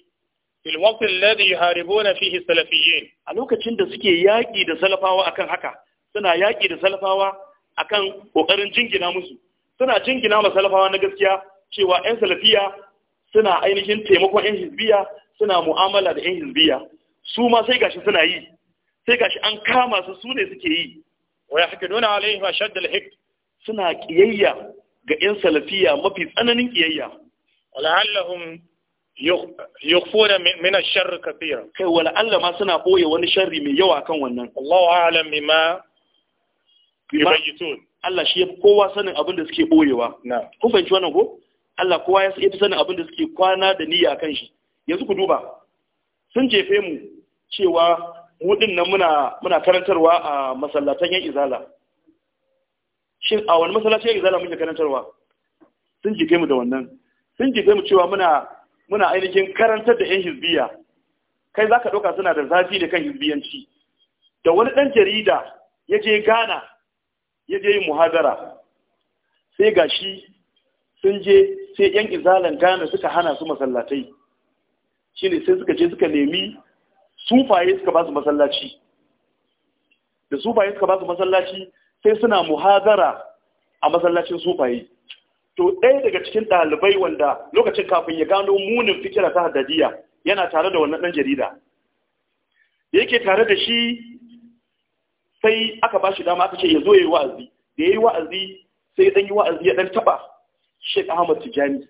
fil waqt alladhi yuharibuna fihi salafiyyin a lokacin da suke yaki da salafawa akan haka suna yaki da salafawa akan kokarin jingina musu suna jingina ma salafawa na gaskiya cewa yan salafiya suna ainihin taimakon yan hizbiya suna mu'amala da yan hizbiya su ma sai gashi suna yi sai gashi an kama su su ne suke yi wa yahdununa alaihi ashadda al-hikm suna kiyayya ga 'yan salafiya mafi tsananin kiyayya wala'allahum yukhfuna min ash-sharr kathira kai wala'alla ma suna boye wani sharri mai yawa kan wannan Allahu a'lam bima yubayyitun Allah shi yafi kowa sanin abin da suke boyewa na kun fahimci wannan ko Allah kowa ya yafi sanin abin da suke kwana da niyya kan shi yanzu ku duba sun jefe mu cewa mu din nan muna muna karantarwa a masallatan yan izala shin a wani masallaci yake zala muke karantarwa sun jike mu da wannan sun jike mu cewa muna muna ainihin karantar da yan hizbiya kai zaka dauka suna da zafi da kan hizbiyanci da wani dan jarida ya je Ghana ya je yin muhadara sai gashi sun je sai yan izalan Ghana suka hana su masallatai shine sai suka je suka nemi sufaye suka ba su masallaci da sufaye suka ba su masallaci sai suna muhazara a masallacin sufaye to ɗaya daga cikin ɗalibai wanda lokacin kafin ya gano munin fikira ta haddadiya yana tare da wannan ɗan jarida yake tare da shi sai aka ba shi dama aka ce ya zo ya yi wa'azi da ya yi wa'azi sai ɗan yi wa'azi ya ɗan taɓa Sheikh Ahmad Tijani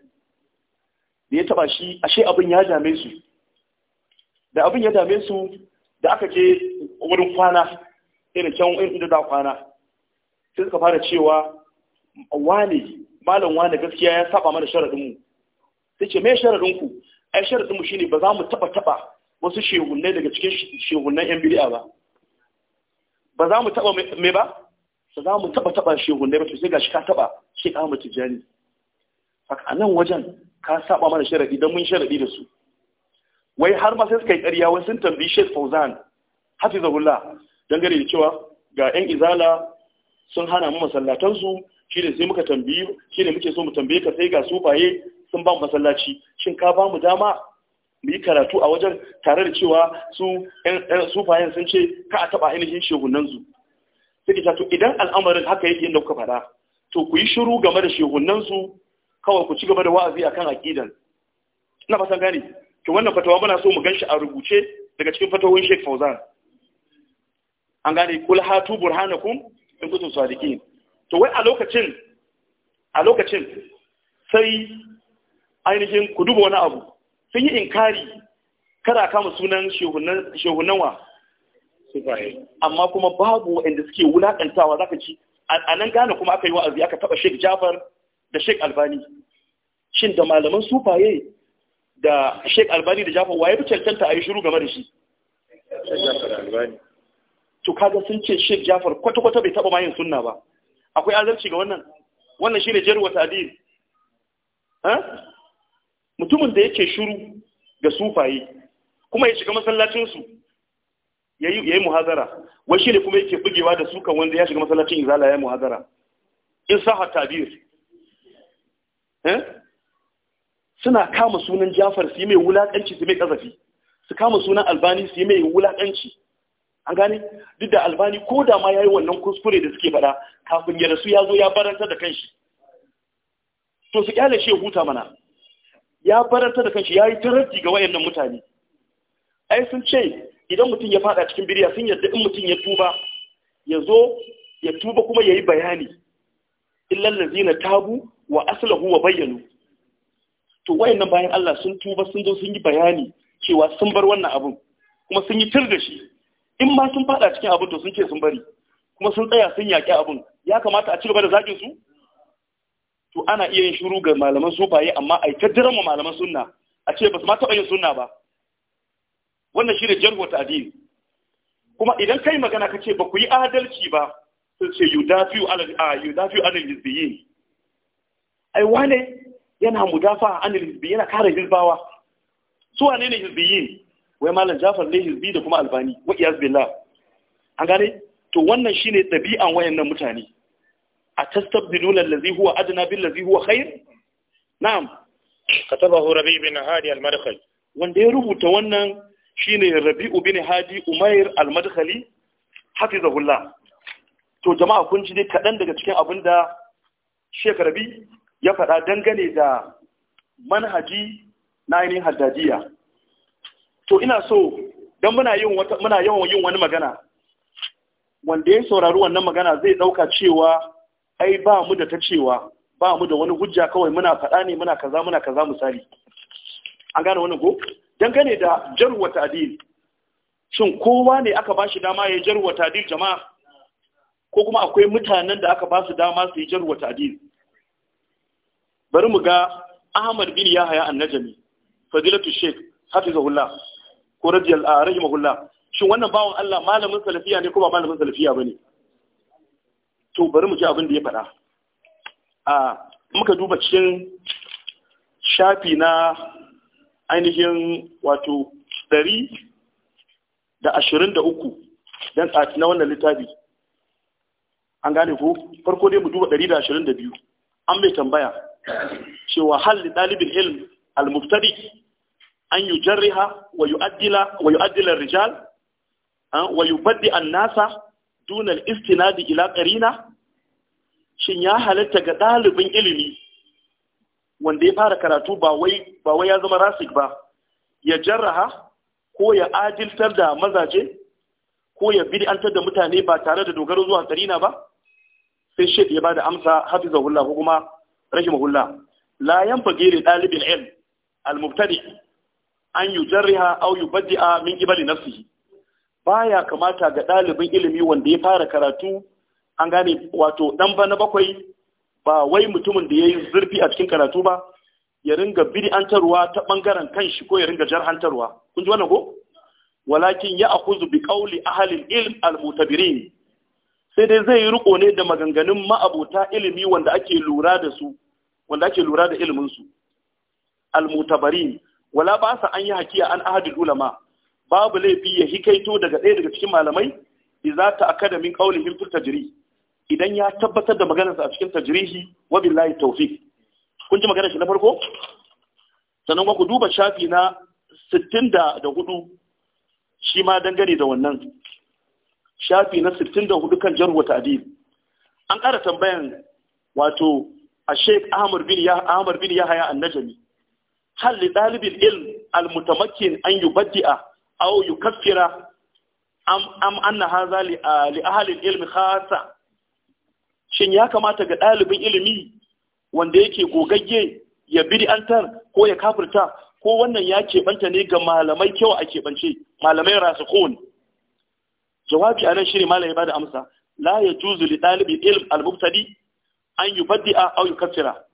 da ya taɓa shi ashe abin ya dame su da abin ya dame su da aka je wurin kwana irin can inda da kwana sai suka fara cewa wane malam wane gaskiya ya saba mana sharadin sai ce me sharadin ku ai sharadin mu shine ba za mu taba taba wasu shehunnai daga cikin shehunnan yan bid'a ba ba za mu taba me ba ba za mu taba taba shehunnai ba to sai gashi ka taba shi ka mu tijani haka anan wajen ka saba mana sharadi dan mun sharadi da su wai har ma sai suka yi ƙarya wai sun tambayi Sheikh Fauzan hafizahullah dangane da cewa ga 'yan izala sun hana mu masallatansu shi ne sai muka tambayi shi muke so mu tambaye ka sai ga sufaye sun ba mu masallaci shin ka ba mu dama mu yi karatu a wajen tare da cewa su sufayen sun ce ka a taba ainihin su sai ta to idan al'amarin haka yake inda kuka fada to ku yi shiru game da su kawai ku ci gaba da wa'azi akan aqidan ina fatan gane to wannan fatawa muna so mu ganshi a rubuce daga cikin fatawun Sheikh Fauzan an gane kul hatu burhanakum in gudun sadiki to wai a lokacin a lokacin sai ainihin ku duba wani abu sun yi inkari kada kama sunan shehunan wa amma kuma babu inda suke wulakantawa zaka ci a nan gane kuma aka yi wa'azi aka taba Sheikh Jafar da Sheikh Albani shin da malaman sufaye da Sheikh Albani da Jafar waye bi cancanta a yi shiru game da shi to kaga sun ce Sheikh Jafar kwata-kwata bai taba mayin sunna ba akwai azalci ga wannan wannan shine wa ta'dil ha mutumin da yake shiru ga sufaye kuma ya shiga masallacin su yayi yayi muhazara wai shine kuma yake bugewa da su kan wanda ya shiga masallacin izala yayi muhazara in ha tadil ha suna kama sunan Jafar su yi mai wulakanci su mai kazafi su kama sunan Albani su yi mai wulakanci an gane duk da albani ko da ma ya yi wannan kuskure da suke faɗa kafin ya rasu ya zo ya baranta da kanshi to su kyale shi ya huta mana ya baranta da kanshi ya yi tarafi ga wayannan mutane ai sun ce idan mutum ya fada cikin birya sun yadda in mutum ya tuba ya zo ya tuba kuma ya yi bayani illal lazina tabu wa aslahu wa bayyanu to wayannan bayan Allah sun tuba sun zo sun yi bayani cewa sun bar wannan abun kuma sun yi tur da shi in ma sun fada cikin abin to sun ce sun bari kuma sun tsaya sun yaƙi abin ya kamata a ci gaba da zaƙin su to ana iya yin shiru ga malaman sufaye amma a ta ma malaman sunna a ce ba su ma taɓa yin sunna ba wannan shi ne jargo ta addini kuma idan kai magana ka ce ba ku yi adalci ba sun ce yudafiyu anil hizbiyin ai wane yana mudafa anil hizbi yana kare hizbawa su wane ne wai malam jafar ne hizbi da kuma albani wa iyaz billah an gane to wannan shine ɗabi'an wayannan mutane a tastabdiluna allazi huwa adna bil ladzi huwa khair na'am katabahu rabi' bin hadi al-madkhali wanda ya rubuta wannan shine rabi'u bin hadi umair al-madkhali hafizahullah to jama'a kun ji dai kaɗan daga cikin abin da Sheikh Rabi ya faɗa dangane da manhaji na ainihin haddadiya to ina so don muna yawan yin wani magana wanda ya saurari wannan magana zai ɗauka cewa ai ba mu da ta cewa ba mu da wani hujja kawai muna faɗa ne muna kaza muna kaza misali an gane wani ko dangane da jarwa ta'dil shin kowa ne aka ba shi dama ya jarwa ta'dil jama'a ko kuma akwai mutanen da aka ba su dama su yi jarwa ta'dil bari mu ga Ahmad bin Yahaya annajami najmi fadilatu Sheikh hafizahullah ko rajiyal a rahimahullah shin wannan bawan Allah malamin salafiya ne ko ba malamin salafiya bane to bari mu ji abin da ya faɗa a muka duba cikin shafi na ainihin wato ɗari da ashirin da uku don tsati na wannan littafi an gane ko farko dai mu duba ɗari da ashirin da biyu an bai tambaya cewa hal ɗalibin ilm al-muftari an yi jarriha yu'addila wa yi rijal wa baddi an-nasa dunar istina istinadi ila shin ya halatta ga ɗalibin ilimi wanda ya fara karatu ba wai ya zama rasik ba ya jarraha ko ya adiltar da mazaje ko ya bid'antar da mutane ba tare da dogaro zuwa qarina ba sai shek ya da amsa hafizahullah ko kuma rahimahullah la 'yan li dalibin ilm al-mubtadi' an yi jarriha au yi badi'a min ibali Ba baya kamata ga ɗalibin ilimi wanda ya fara karatu an gane wato dan bana bakwai ba wai mutumin da ya yi zurfi a cikin karatu ba ya ringa bid'antarwa ta ɓangaren kanshi ko ya ringa jarhantarwa kun ji wannan ko walakin ya akuzu bi qawli ahli ilm al mutabirin sai dai zai yi riko ne da maganganun ma'abota ilimi wanda ake lura da su wanda ake lura da ilimin al mutabarin wala ba sa an yi hakiya an ahadul ulama babu laifi ya hikaito daga ɗaya daga cikin malamai idza ta akada min qawlihim fil tajri idan ya tabbatar da maganarsa a cikin tajrihi wa billahi tawfiq kun ji maganar shi na farko sannan ku duba shafi na 64 shi ma dangane da wannan shafi na 64 kan jarwa ta'dil an ƙara tambayan wato a Sheikh Ahmad bin Yahya Ahmad bin Yahya An-Najmi hal li dalibin ilm almutamakkin an yubaddi'a aw yukaffira am am anna hadha li ahli ilm khassa shin ya kamata ga ɗalibin ilimi wanda yake gogagge ya bid'antar ko ya kafirta ko wannan ya keɓanta ne ga malamai kyau a keɓance malamai rasikun jawabi anan nan shirin malamai ba da amsa la ya juzu li ɗalibin ilm al-mubtadi an yi baddi'a aw yukaffira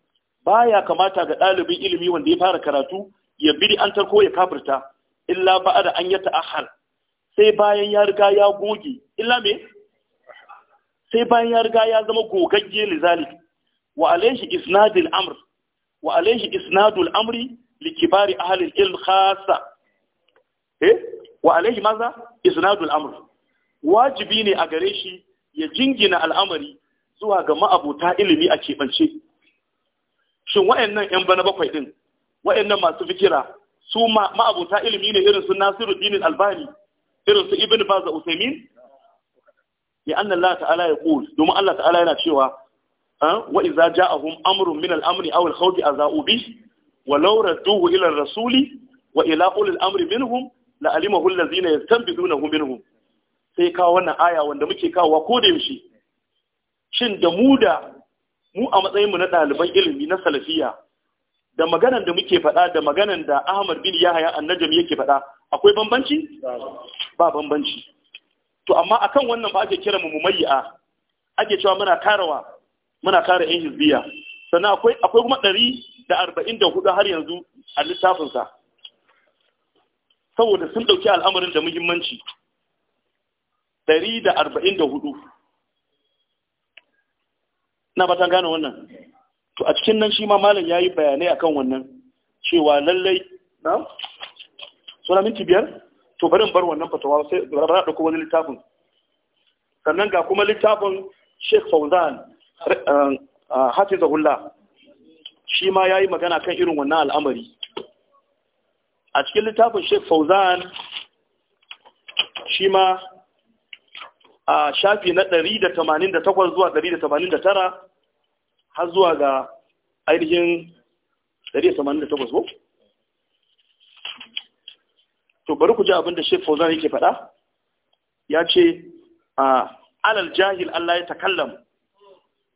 baya kamata ga ɗalibin ilimi wanda ya fara karatu ya biri an tarko ya kafirta illa ba da an ya ta'ahal sai bayan ya riga ya goge illa me sai bayan ya riga ya zama gogagge zalik wa alaihi isnadul amr wa alaihi isnadul amri li kibari ahli ilm khassa eh wa alaihi maza isnadul amr wajibi ne a gare shi ya jingina al'amari zuwa ga ma'abuta ilimi a keɓance shin wa'annan yan bana bakwai din wa'annan masu fikira su ma'abuta ilimi ne irin su Nasiru Dinin Albani irin su Ibn Baz Usaimin ya anna Allah ta'ala ya qul domin Allah ta'ala yana cewa ah, wa idza ja'ahum amrun min al-amri aw al-khawf azau bi wa law radduhu ila ar-rasuli wa ila ulil amri minhum la alimahu allazina yastanbidunahu minhum sai kawo wannan aya wanda muke kawowa ko da yaushe shin da mu da mu a matsayinmu na ɗaliban ilimi na salafiya da maganan da muke faɗa da maganan da Ahmad bin Yahaya annajami yake faɗa akwai bambanci ba bambanci to amma akan wannan ba ake kira mu mumayya ake cewa muna karawa muna kara yan hizbiya sannan akwai akwai kuma ɗari da arba'in da hudu har yanzu a littafinsa saboda sun ɗauki al'amarin da muhimmanci ɗari da arba'in da hudu na ba ta gane wannan to a cikin nan shi ma malam ya yi bayanai a kan wannan cewa lallai na suna minti biyar to barin bar wannan fatawa sai rabar da kuma littafin sannan ga kuma littafin sheikh fauzan eh, eh, hafizahullah shi ma ya yi magana kan irin wannan al'amari a cikin littafin sheikh fauzan shi ma a shafi na 188 zuwa 189 har zuwa ga ainihin 188 ko to bari ku ji abinda Sheikh Fauzan yake faɗa ya ce a alal jahil Allah ya takallam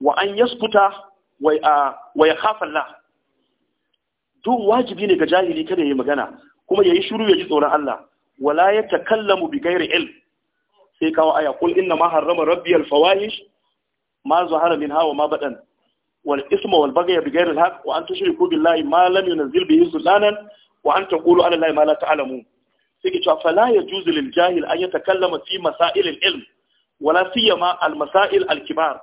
wa an yaskuta wa ya khafa duk wajibi ne ga jahili kada ya yi magana kuma ya yi shiru ya ji tsoron Allah wala ya takallamu bi ghairi ilm sai kawo aya kul inna ma harrama rabbi al fawahish ma zahara minha ma baɗan? wal isma wal bagaya bi ghairi al haqq wa an tushriku billahi ma lam yunzil bihi sultanan wa an sai cewa fala yajuzu jahil an yatakallama fi masail al ilm wala siyama al masail al kibar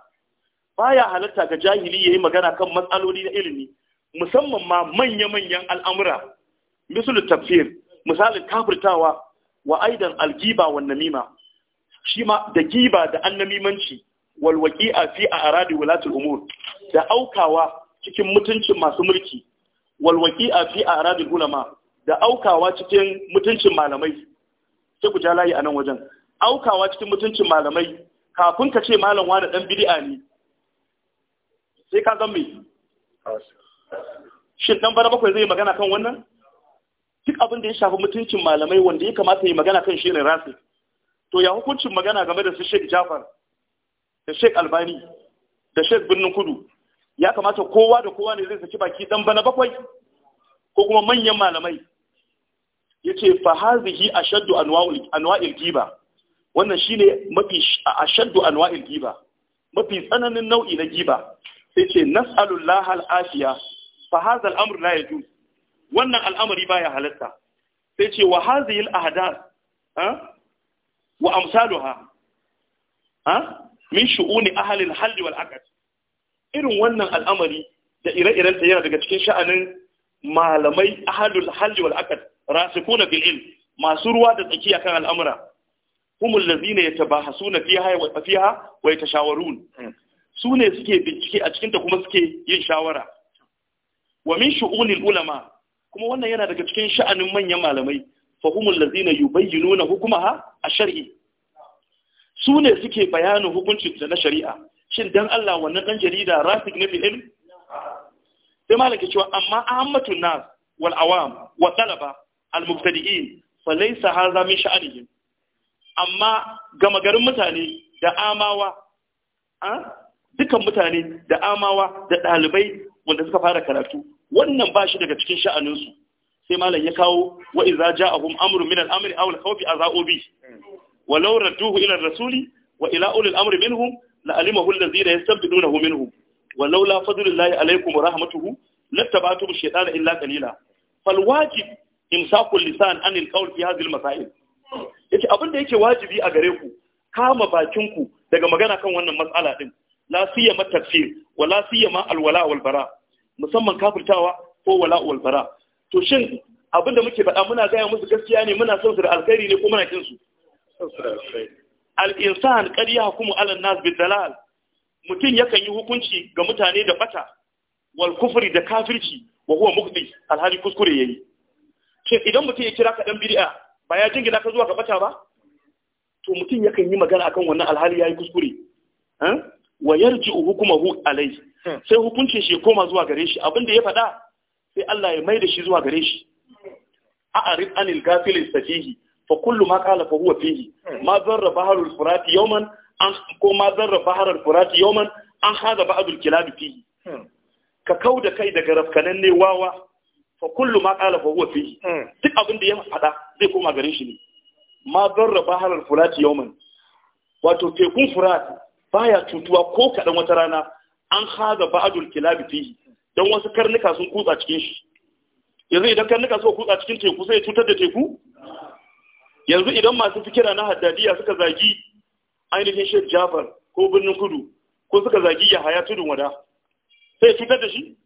baya halatta ga jahili ya yi magana kan matsaloli na ilimi musamman ma manya-manyan al'amura misal tafsir misalin kafirtawa wa aidan algiba wa namima da giba da annamimanci walwaƙi'a fi a aradi wulatul umur da aukawa cikin mutuncin masu mulki walwaƙi'a fi a aradi ulama da aukawa cikin mutuncin malamai sai ku ja layi a nan wajen aukawa cikin mutuncin malamai kafin ka ce malam wani ɗan bid'a ne sai ka zan mai shin ɗan bara bakwai zai magana kan wannan duk abin da ya shafi mutuncin malamai wanda ya kamata ya magana kan shi ne rasu to ya hukuncin magana game da su Sheikh Jafar da Sheikh Albani da Sheikh Birnin Kudu ya kamata kowa da kowa ne zai saki baki dan bana bakwai ko kuma manyan malamai yace fa hazihi ashaddu anwa'il anwa'il giba wannan shine mafi ashaddu anwa'il giba mafi tsananin nau'i na giba sai ce nas'alullah al'afiya fa hadha la yaju wannan al'amari baya halatta sai ce wa hazihi al'ahdath wa amsaluha ha min shu'uni ahalin halli wal akad, irin wannan al'amari da ire-iren ta yana daga cikin sha'anin malamai ahalul halli wal akad, rasikuna bil ilm masu ruwa da tsakiya kan al'amura humul lazina yatabahasuna fiha wa fiha wa yatashawarun su ne suke bincike a cikin ta kuma suke yin shawara wa min shu'unil ulama kuma wannan yana daga cikin sha'anin manyan malamai fahumul lazina yubayyinuna hukumaha a shar'i su ne suke bayanin hukuncin da na shari'a shin dan Allah wannan dan jarida rasik ne fil ilm sai malaka cewa amma Ahmadu nas wal awam wa talaba al mubtadi'in fa laysa hadha min sha'anihim amma gama garin mutane da amawa dukan mutane da amawa da ɗalibai wanda suka fara karatu wannan ba shi daga cikin sha'anin su sai malam ya kawo wa idza ja'ahum amrun min al-amri aw al-khawfi aza'u walau radduhu ila rasuli wa ila ulil amri minhum la alimahu nuna yastabdunahu minhum walau la fadlullahi alaykum wa rahmatuhu lattaba'tum shaytana illa qalila fal wajib imsakul lisan an alqawl fi hadhihi almasail yace abin yake wajibi a gare ku kama bakin ku daga magana kan wannan mas'ala din la siyama wa la siyama alwala wal bara musamman kafirtawa ko wala wal bara to shin abin da muke faɗa muna gaya musu gaskiya ne muna son su da alkhairi ne ko muna kin su al-insan qad yahkumu ala nas bid-dalal mutum yakan yi hukunci ga mutane da bata wal kufuri da kafirci wa huwa mukbi alhali kuskure yayi shin idan mutum ya kira ka dan bid'a ba ya jingina ka zuwa ga bata ba to mutum yakan yi magana akan wannan alhali yayi kuskure wa yarji'u hukumahu alai hmm. sai hukuncin shi ya koma zuwa gare shi abinda ya faɗa sai Allah ya mai da shi zuwa gare shi a'rif anil gafilin safihi fa kullu ma qala fa huwa fihi hmm. ma zarra baharul furati yawman an ko ma zarra baharul furati yawman an hada ba'dul kilab fihi hmm. ka kauda kai daga rafkanan ne wawa fa kullu ma qala fa huwa fihi hmm. duk abin da ya faɗa zai koma garin shi ne ma zarra al furati yawman wato tekun furat baya cutuwa ko kaɗan wata rana an haza ba'adul kilabi fihi Dan wasu karnuka sun kutsa cikin shi yanzu idan karnuka suka kutsa cikin teku sai cutar da teku yanzu idan masu fikira na haddadiya suka zagi ainihin shek jafar ko birnin kudu ko suka zagi ya haya tudun wada sai cutar da shi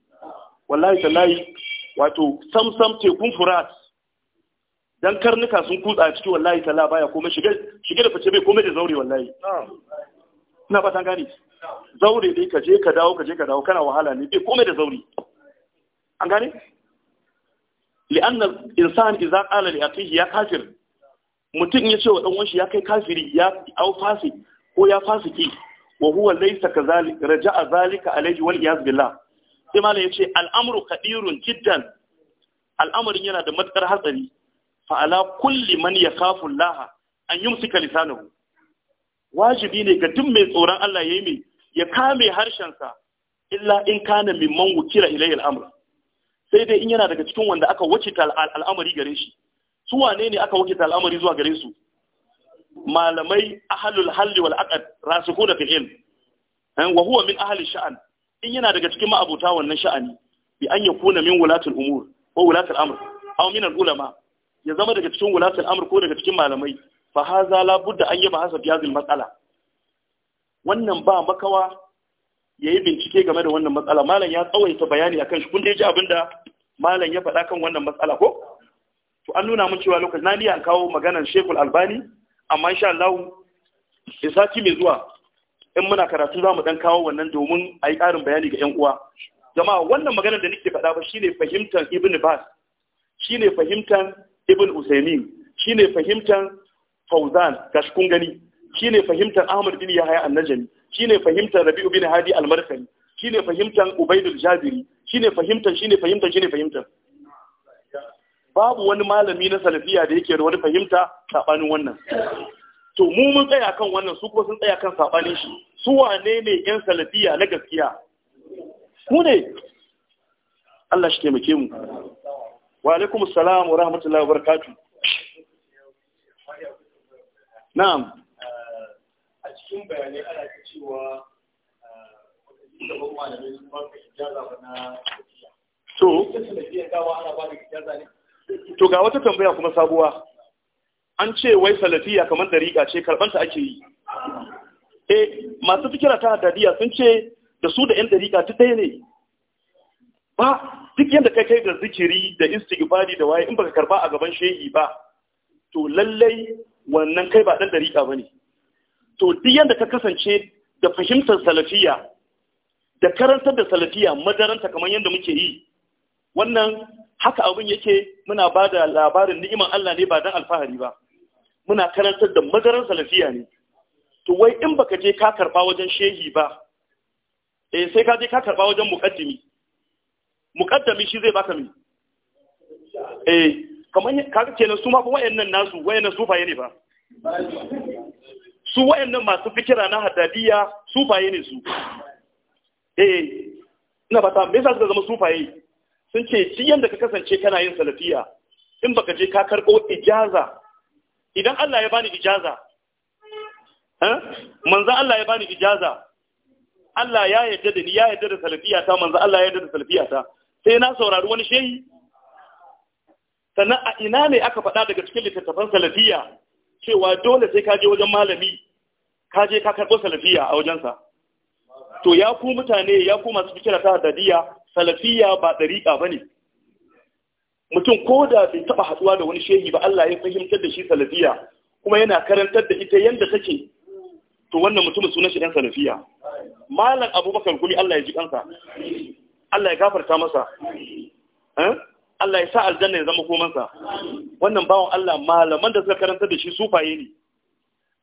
wallahi tallahi wato samsam tekun furat dan karnuka sun kutsa a ciki wallahi tallahi baya komai shige da fice bai komai da zaure wallahi ina fatan gane zaure dai ka je ka dawo ka je ka dawo kana wahala ne bai komai da zaure an gane li'anna insan idza qala li aqihi ya kafir mutum ya ce wa dan ya kai kafiri ya au fasi ko ya fasiki wa huwa laysa kazalik raja'a zalika alayhi wal iyaz billah sai malam yace al'amru kadirun jiddan al'amarin yana da matsar hatsari fa ala kulli man yakhafu Allah an yumsika lisanahu wajibi ne ga duk mai tsoron Allah yayi mai ya kame harshensa illa in kana mimman wukila ilayhi al'amr sai dai in yana daga cikin wanda aka wuce al'amari gare shi su wane ne aka wakilta al'amari zuwa gare su malamai ahalul halli wal aqd rasikuna fil ilm wa huwa min ahli sha'an in yana daga cikin ma'abuta wannan sha'ani bi an yakuna min wulatul umur ko wulatul amr aw min al ulama ya zama daga cikin wulatul amr ko daga cikin malamai fa haza la budda an yi bahasa fi hadhihi matsala wannan ba makawa yayi bincike game da wannan matsala malam ya tsawaita bayani akan shi kun dai ji abinda malam ya faɗa kan wannan matsala ko to an nuna mun cewa lokacin na an kawo maganar shekul albani amma insha Allah da sati mai zuwa in muna karatu za mu dan kawo wannan domin a yi ƙarin bayani ga 'yan uwa jama'a wannan maganar da nake faɗa ba shine fahimtar ibn bas shine fahimtar ibn usaimin shine fahimtar fauzan gashi gani shine fahimtar ahmad bin yahya annajami shine fahimtar rabi'u bin hadi al-markali shine fahimtar ubaidul jabiri shine fahimtar shine fahimtar shine fahimtar babu wani malami na salafiya da yake da wani fahimta sabanin wannan to mu mun tsaya kan wannan su kuma sun tsaya kan sabanin shi su wane ne yan salafiya na gaskiya mu ne Allah shi taimake mu wa alaikum assalam wa rahmatullahi wa barakatuh na'am a cikin bayanai ana cewa eh, so to ga wata tambaya kuma sabuwa an ce wai salafiya kamar dariƙa ce karɓanta ake yi E, masu fikira ta dadiya sun ce da su da yan dariƙa ta ɗaya ne ba duk yadda kai kai da zikiri da istighfari da waye in baka karba a gaban shehi ba to lallai wannan kai ba dan dariƙa bane to duk yadda ka kasance da fahimtar salafiya da karantar da salafiya madaranta kamar yadda muke yi wannan haka abin yake muna ba da labarin ni'iman Allah ne ba don alfahari ba muna karantar da madarar salafiya ne to wai in baka je ka karba wajen shehi ba eh sai ka je ka karba wajen muqaddimi muqaddami shi zai baka mi eh kamar kaga kenan su ma fa wayannan nasu wayannan sufaye ne ba su wayannan masu fikira na haddadiya sufaye ne su eh ina ba ta me yasa suka zama sufaye sun ce shi yadda ka kasance kana yin salafiya in baka je ka karɓo ijaza idan Allah ya bani ijaza eh, manzo Allah ya bani ijaza Allah ya yarda da ni ya yarda da salafiya ta manzo Allah ya yarda da salafiya ta sai na saurari wani shehi sannan a ina ne aka faɗa daga cikin littattafan salafiya cewa dole sai ka je wajen malami ka je ka karɓo salafiya a wajensa to ya ku mutane ya ku masu fikira ta haddadiya salafiya ba ɗariƙa ba ne mutum ko da bai taɓa haɗuwa da wani shehi ba Allah ya fahimtar da shi salafiya kuma yana karantar da ita yadda take to wannan mutumin sunan shi ɗan salafiya malam abubakar gumi Allah ya ji kansa Allah ya gafarta masa eh? Allah ya sa aljanna ya zama komansa wannan bawan Allah malaman da suka karantar da shi sufaye ne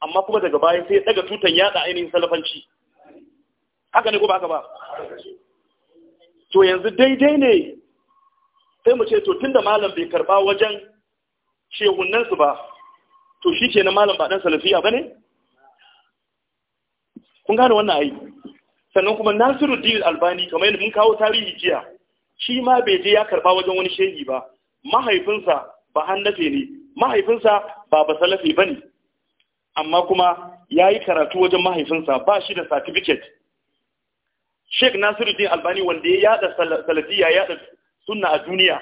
amma kuma daga baya sai ya daga tutan yada ainihin salafanci haka ne ko ba haka ba to yanzu daidai ne sai mu ce to tunda malam bai karba wajen shehunansu ba to shi ke na malam ba dan salafiya ba ne? kun gane wannan ai sannan kuma nasiru dil albani kamar yadda mun kawo tarihi jiya shi ma bai je ya karba wajen wani shehi ba mahaifinsa ba hannafe ne mahaifinsa ba ba salafi ba ne amma kuma ya yi karatu wajen mahaifinsa ba shi da certificate Sheikh Nasiruddin Albani wanda ya yada salafiya ya yada sunna a duniya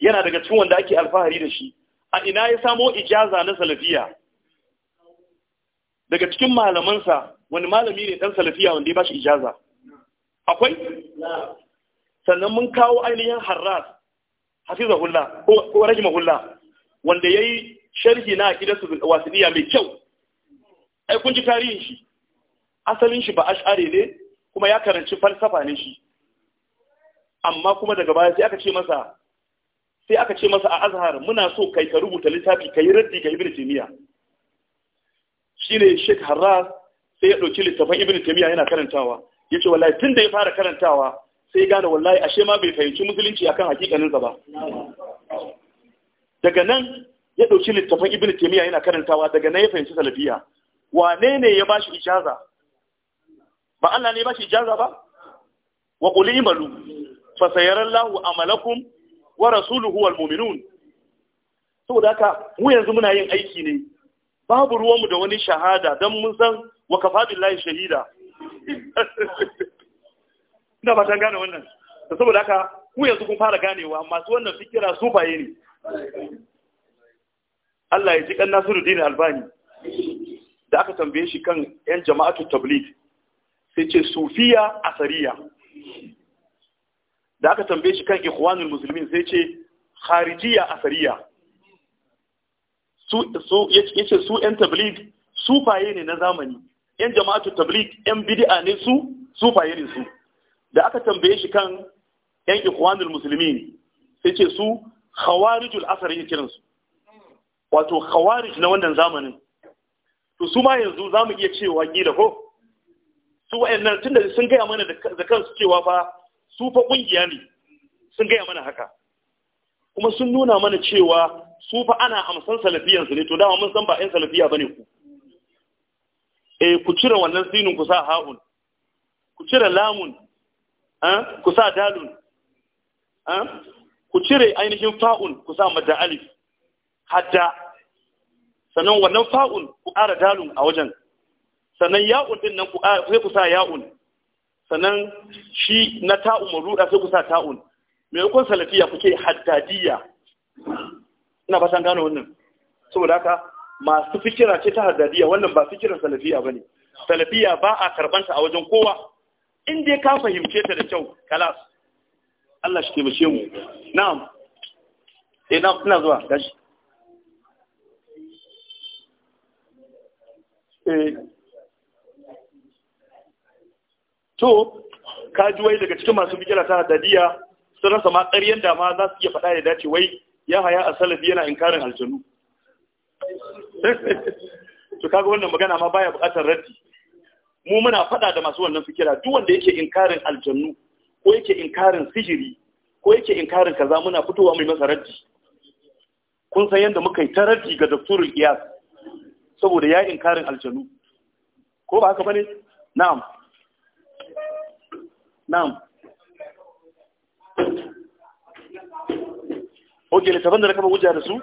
yana daga cikin wanda ake alfahari da shi a ina ya samo ijaza na salafiya daga cikin malamansa wani malami ne dan salafiya wanda ya bashi ijaza akwai sannan mun kawo ainihin harras hafizahullah ko rahimahullah wanda yayi sharhi na wasu wasiliya mai kyau ai kun ji tarihin shi asalin shi ba ash'ari ne kuma ya karanci falsafa ne shi amma kuma daga baya sai aka ce masa sai aka ce masa a azhar muna so kai ka rubuta littafi kai raddi ga ibnu taymiya shine sheikh harras sai ya dauki littafin ibnu taymiya yana karantawa yace wallahi tun da ya fara karantawa sai gane wallahi ashe ma bai fahimci musulunci akan sa ba daga nan ya dauki littafin ibnu taymiya yana karantawa daga nan ya fahimci salafiya wane ne ya bashi ijaza ba Allah ne ba shi jaza ba wa qul imalu fa sayarallahu amalakum wa rasuluhu wal mu'minun saboda haka mu yanzu muna yin aiki ne babu mu da wani shahada dan mun san wa kafa billahi shahida ina ba ta gane wannan saboda haka ku yanzu kun fara ganewa masu wannan fikira baye ne Allah ya ji kan Nasiruddin Albani da aka tambaye shi kan yan jama'atu tabligh sai ce sufiya asariya da aka tambaye shi kan ikhwanul muslimin sai ce kharijiya asariya su su yace su yan tabligh sufaye ne na zamani yan jama'atu tabligh yan bid'a ne su sufaye ne su da aka tambaye shi kan yan ikhwanul muslimin sai ce su khawarijul asari ne kiransu wato khawarij na wannan zamanin to su ma yanzu zamu iya cewa kila ko su wayannan tunda sun gaya mana da kansu cewa fa su fa kungiya ne sun gaya mana haka kuma sun nuna mana cewa su fa ana amsan salafiyan su ne to dama mun san ba ɗan salafiya bane ku eh ku cire wannan sinin ku sa ha'un ku cire lamun eh, ku sa dalun eh, ku cire ainihin fa'un ku sa madda alif hadda sannan wannan fa'un ku ƙara dalun a wajen sannan ya'un din nan ah, sai ku sa ya'un sannan shi na ta'un maruda sai ku sa ta'un maimakon salafiya kuke haddadiya? ina san gano wannan saboda haka masu fikira ce ta haddadiya wannan ba fikirar salafiya bane salafiya ba a karbanta a wajen kowa in dai ka fahimce ta da kyau kalas Allah shi taimake mu na'am eh na ina zuwa gashi eh so wai daga cikin masu fikira ta haddadiya sun rasa ma ƙaryen da ma za su iya faɗa da dace wai ya haya a salafi yana inkarin aljanu to kaga wannan magana ma baya buƙatar raddi mu muna faɗa da masu wannan fikira duk wanda yake inkarin aljanu, ko yake inkarin sihiri ko yake inkarin kaza muna fitowa mai masa raddi kun san yadda muka yi ta raddi ga dafturul iyas saboda ya inkarin aljanu ko ba haka bane na'am na'am oke littafin da kafa hujja da su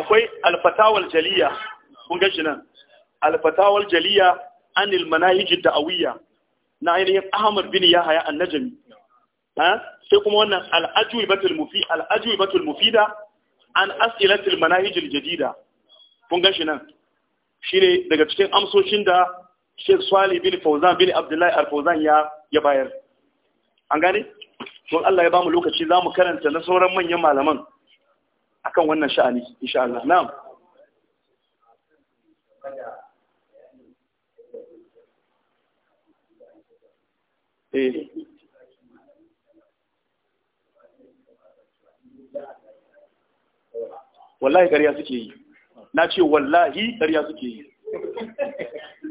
akwai alfatawal jaliya kun gashi nan alfatawal jaliya anil manahij da'awiyya na ainihin ahmad bin yahaya annajami sai kuma wannan al'ajwibatul mufi al'ajwibatul mufida an as'ilatul manahij aljadida kun gashi nan Shi ne daga cikin amsoshin da Sheikh Swali bin Fauzan bin Abdullahi Al-Fauzan ya bayar an gane don Allah ya mu lokaci za mu karanta na sauran manyan malaman akan wannan sha'ani insha Allah na'am eh. wallahi ƙarya suke yi na ce wallahi ƙarya suke yi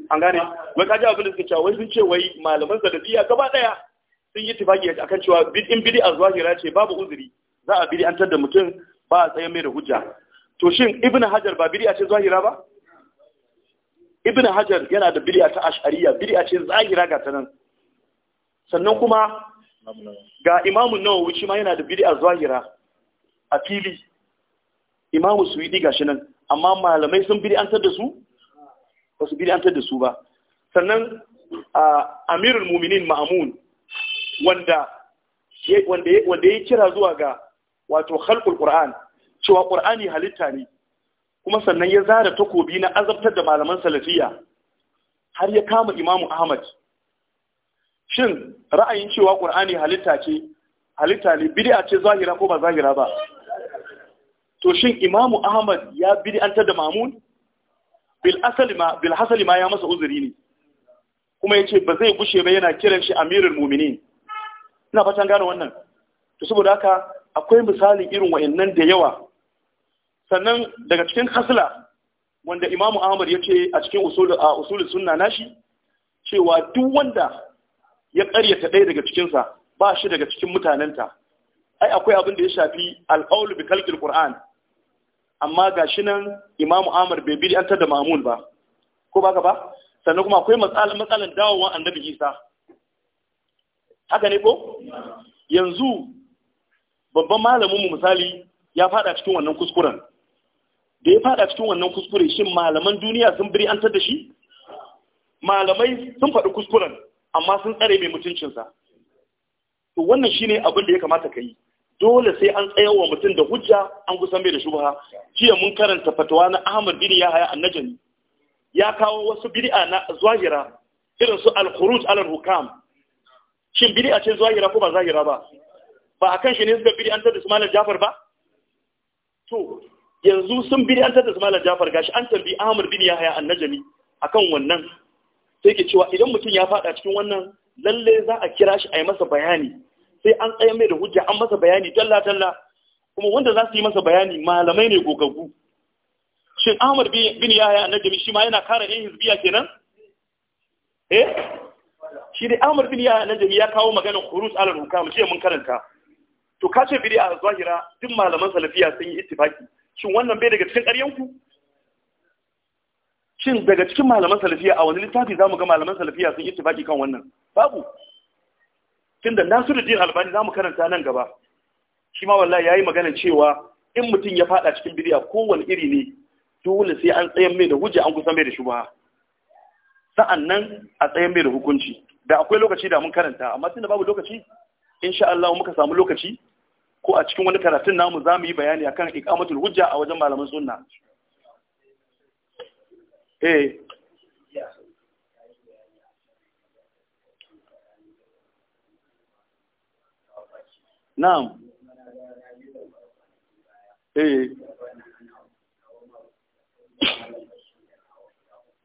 an gane wai kaji abin da suke cewa wai sun ce wai malaman zagabiya gaba ɗaya sun yi tufaki a kan cewa in a zuwa ce babu uzuri za a bid'antar da mutum ba a tsayen mai da hujja to shin ibnu hajar ba a ce zuwa ba Ibn hajar yana da a ta bidi a ce zahira ga ta nan sannan kuma ga imamu nawawi shi ma yana da zuwa hira a fili imamu suwidi shi nan amma malamai sun bid'antar da su ba su bid'antar da su ba sannan amirul muminin ma'amun wanda wanda ya kira zuwa ga wato khalqul qur'an cewa qur'ani halitta ne kuma sannan ya zara takobi na azabtar da malaman salafiya har ya kama imamu ahmad shin ra'ayin cewa qur'ani halitta ce halitta ne bid'a ce zahira ko ba zahira ba to shin imamu ahmad ya bid'antar da mamun bil asali ma hasali ma ya masa uzuri ne kuma ya ce ba zai gushe ba yana kiran shi amirul mu'minin ina fatan gane wannan to saboda haka akwai misalin irin wa'annan da yawa sannan daga cikin hasla wanda imamu ahmad ya ce a cikin usulun sunna nashi cewa duk wanda ya karyata ɗaya daga cikinsa ba shi daga cikin mutanenta ai akwai abin da ya shafi alƙawul bi kalkil qur'an amma ga shi nan imamu ahmad bai bi da mamun ba ko ba ba sannan kuma akwai matsalan matsalan dawowa annabi isa haka ne ko yanzu babban malamin mu misali ya fada cikin wannan kuskuren da ya fada cikin wannan kuskure shin malaman duniya sun biri an da shi malamai sun faɗi kuskuren amma sun tsare mai mutuncinsa to wannan shine abin da ya kamata ka yi dole sai an tsaya wa mutum da hujja an kusan mai da shubha jiya mun karanta fatawa na Ahmad bin Yahya an ya kawo wasu bid'a na zahira irin su al-khuruj al-hukam shin a ce zahira ko ba zahira ba ba a kan shi ne suka an da su malam Jafar ba to yanzu sun an da su malam Jafar gashi an tambi Ahmad bin haya annajami akan wannan sai ke cewa idan mutum ya fada cikin wannan lalle za a kira shi a yi masa bayani sai an tsaye mai da hujja an masa bayani talla-talla, kuma wanda za su yi masa bayani malamai ne gogaggu shin Ahmad bin Yahya annajami shi ma yana kare yin hizbiya kenan eh shi dai Ahmad bin ya nan ya kawo maganar khuruj ala hukam ce mun karanta to ka ce bid'a zahira duk malaman salafiya sun yi ittifaki shin wannan bai daga cikin ƙaryan ku shin daga cikin malaman salafiya a wani littafi zamu ga malaman salafiya sun yi ittifaki kan wannan babu tunda Nasiruddin Albani zamu karanta nan gaba shi ma wallahi yayi maganar cewa in mutum ya fada cikin bid'a kowane iri ne dole sai an tsayan mai da hujja an kusa mai da shubha sa'annan a tsayan mai da hukunci da akwai lokaci da mun karanta amma tunda babu lokaci insha Allah muka samu lokaci ko a cikin wani karatun namu za mu yi bayani akan iqamatul hujja a wajen malaman sunna eh na'am eh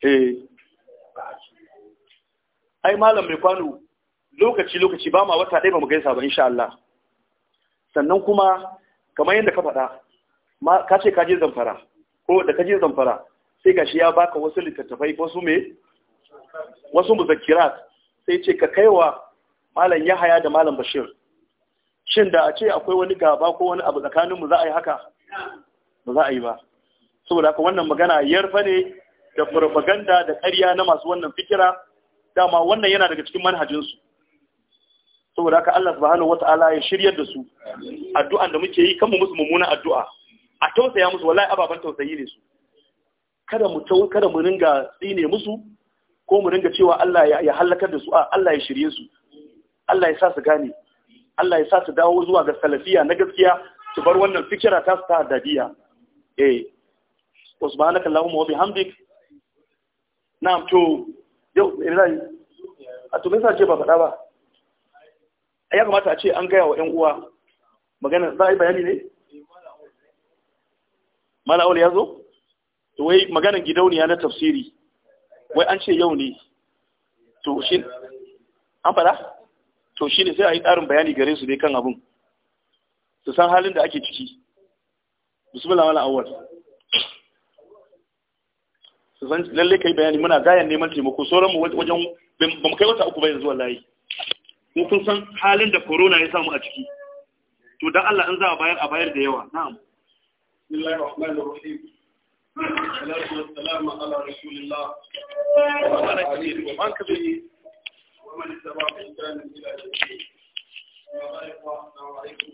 eh ai malam mai kwano lokaci lokaci ba ma wata ɗaya ba mu gaisa ba insha Allah sannan kuma kamar yadda ka faɗa ma ka ce ka je zamfara ko da ka je zamfara sai gashi ya baka wasu littattafai wasu me wasu muzakirat sai ce ka kaiwa malam Yahaya da malam Bashir shin da a ce akwai wani gaba ko wani abu tsakanin mu za a yi haka ba za a yi ba saboda haka wannan magana yarfa ne da propaganda da ƙarya na masu wannan fikira dama wannan yana daga cikin manhajinsu saboda haka Allah subhanahu wata'ala ya shiryar da su addu'an da muke yi kan mu musu mummunan addu'a a tausaya musu wallahi ababan tausayi ne su kada mu tawo kada mu ringa tsine musu ko mu ringa cewa Allah ya halakar da su a Allah ya shirye su Allah ya sa su gane Allah ya sa su dawo zuwa ga salafiya na gaskiya su bar wannan fikira ta su ta haddadiya eh allahumma wa bihamdik na'am to yau da ina yi a to sa ce ba faɗa ba ya kamata a ce an gaya wa 'yan uwa magana za a yi bayani ne aure ya zo to wai maganan gidauniya na tafsiri wai an ce yau ne to shi an faɗa to shi ne sai a yi ƙarin bayani gare su ne kan abin su san halin da ake ciki bismillah awwal san lalle kai bayani muna gayan neman taimako sauran mu wajen ba mu kai wata uku ba yanzu wallahi mu kun san halin da corona ya samu a ciki to dan Allah in za a bayar a bayar da yawa na'am bismillahir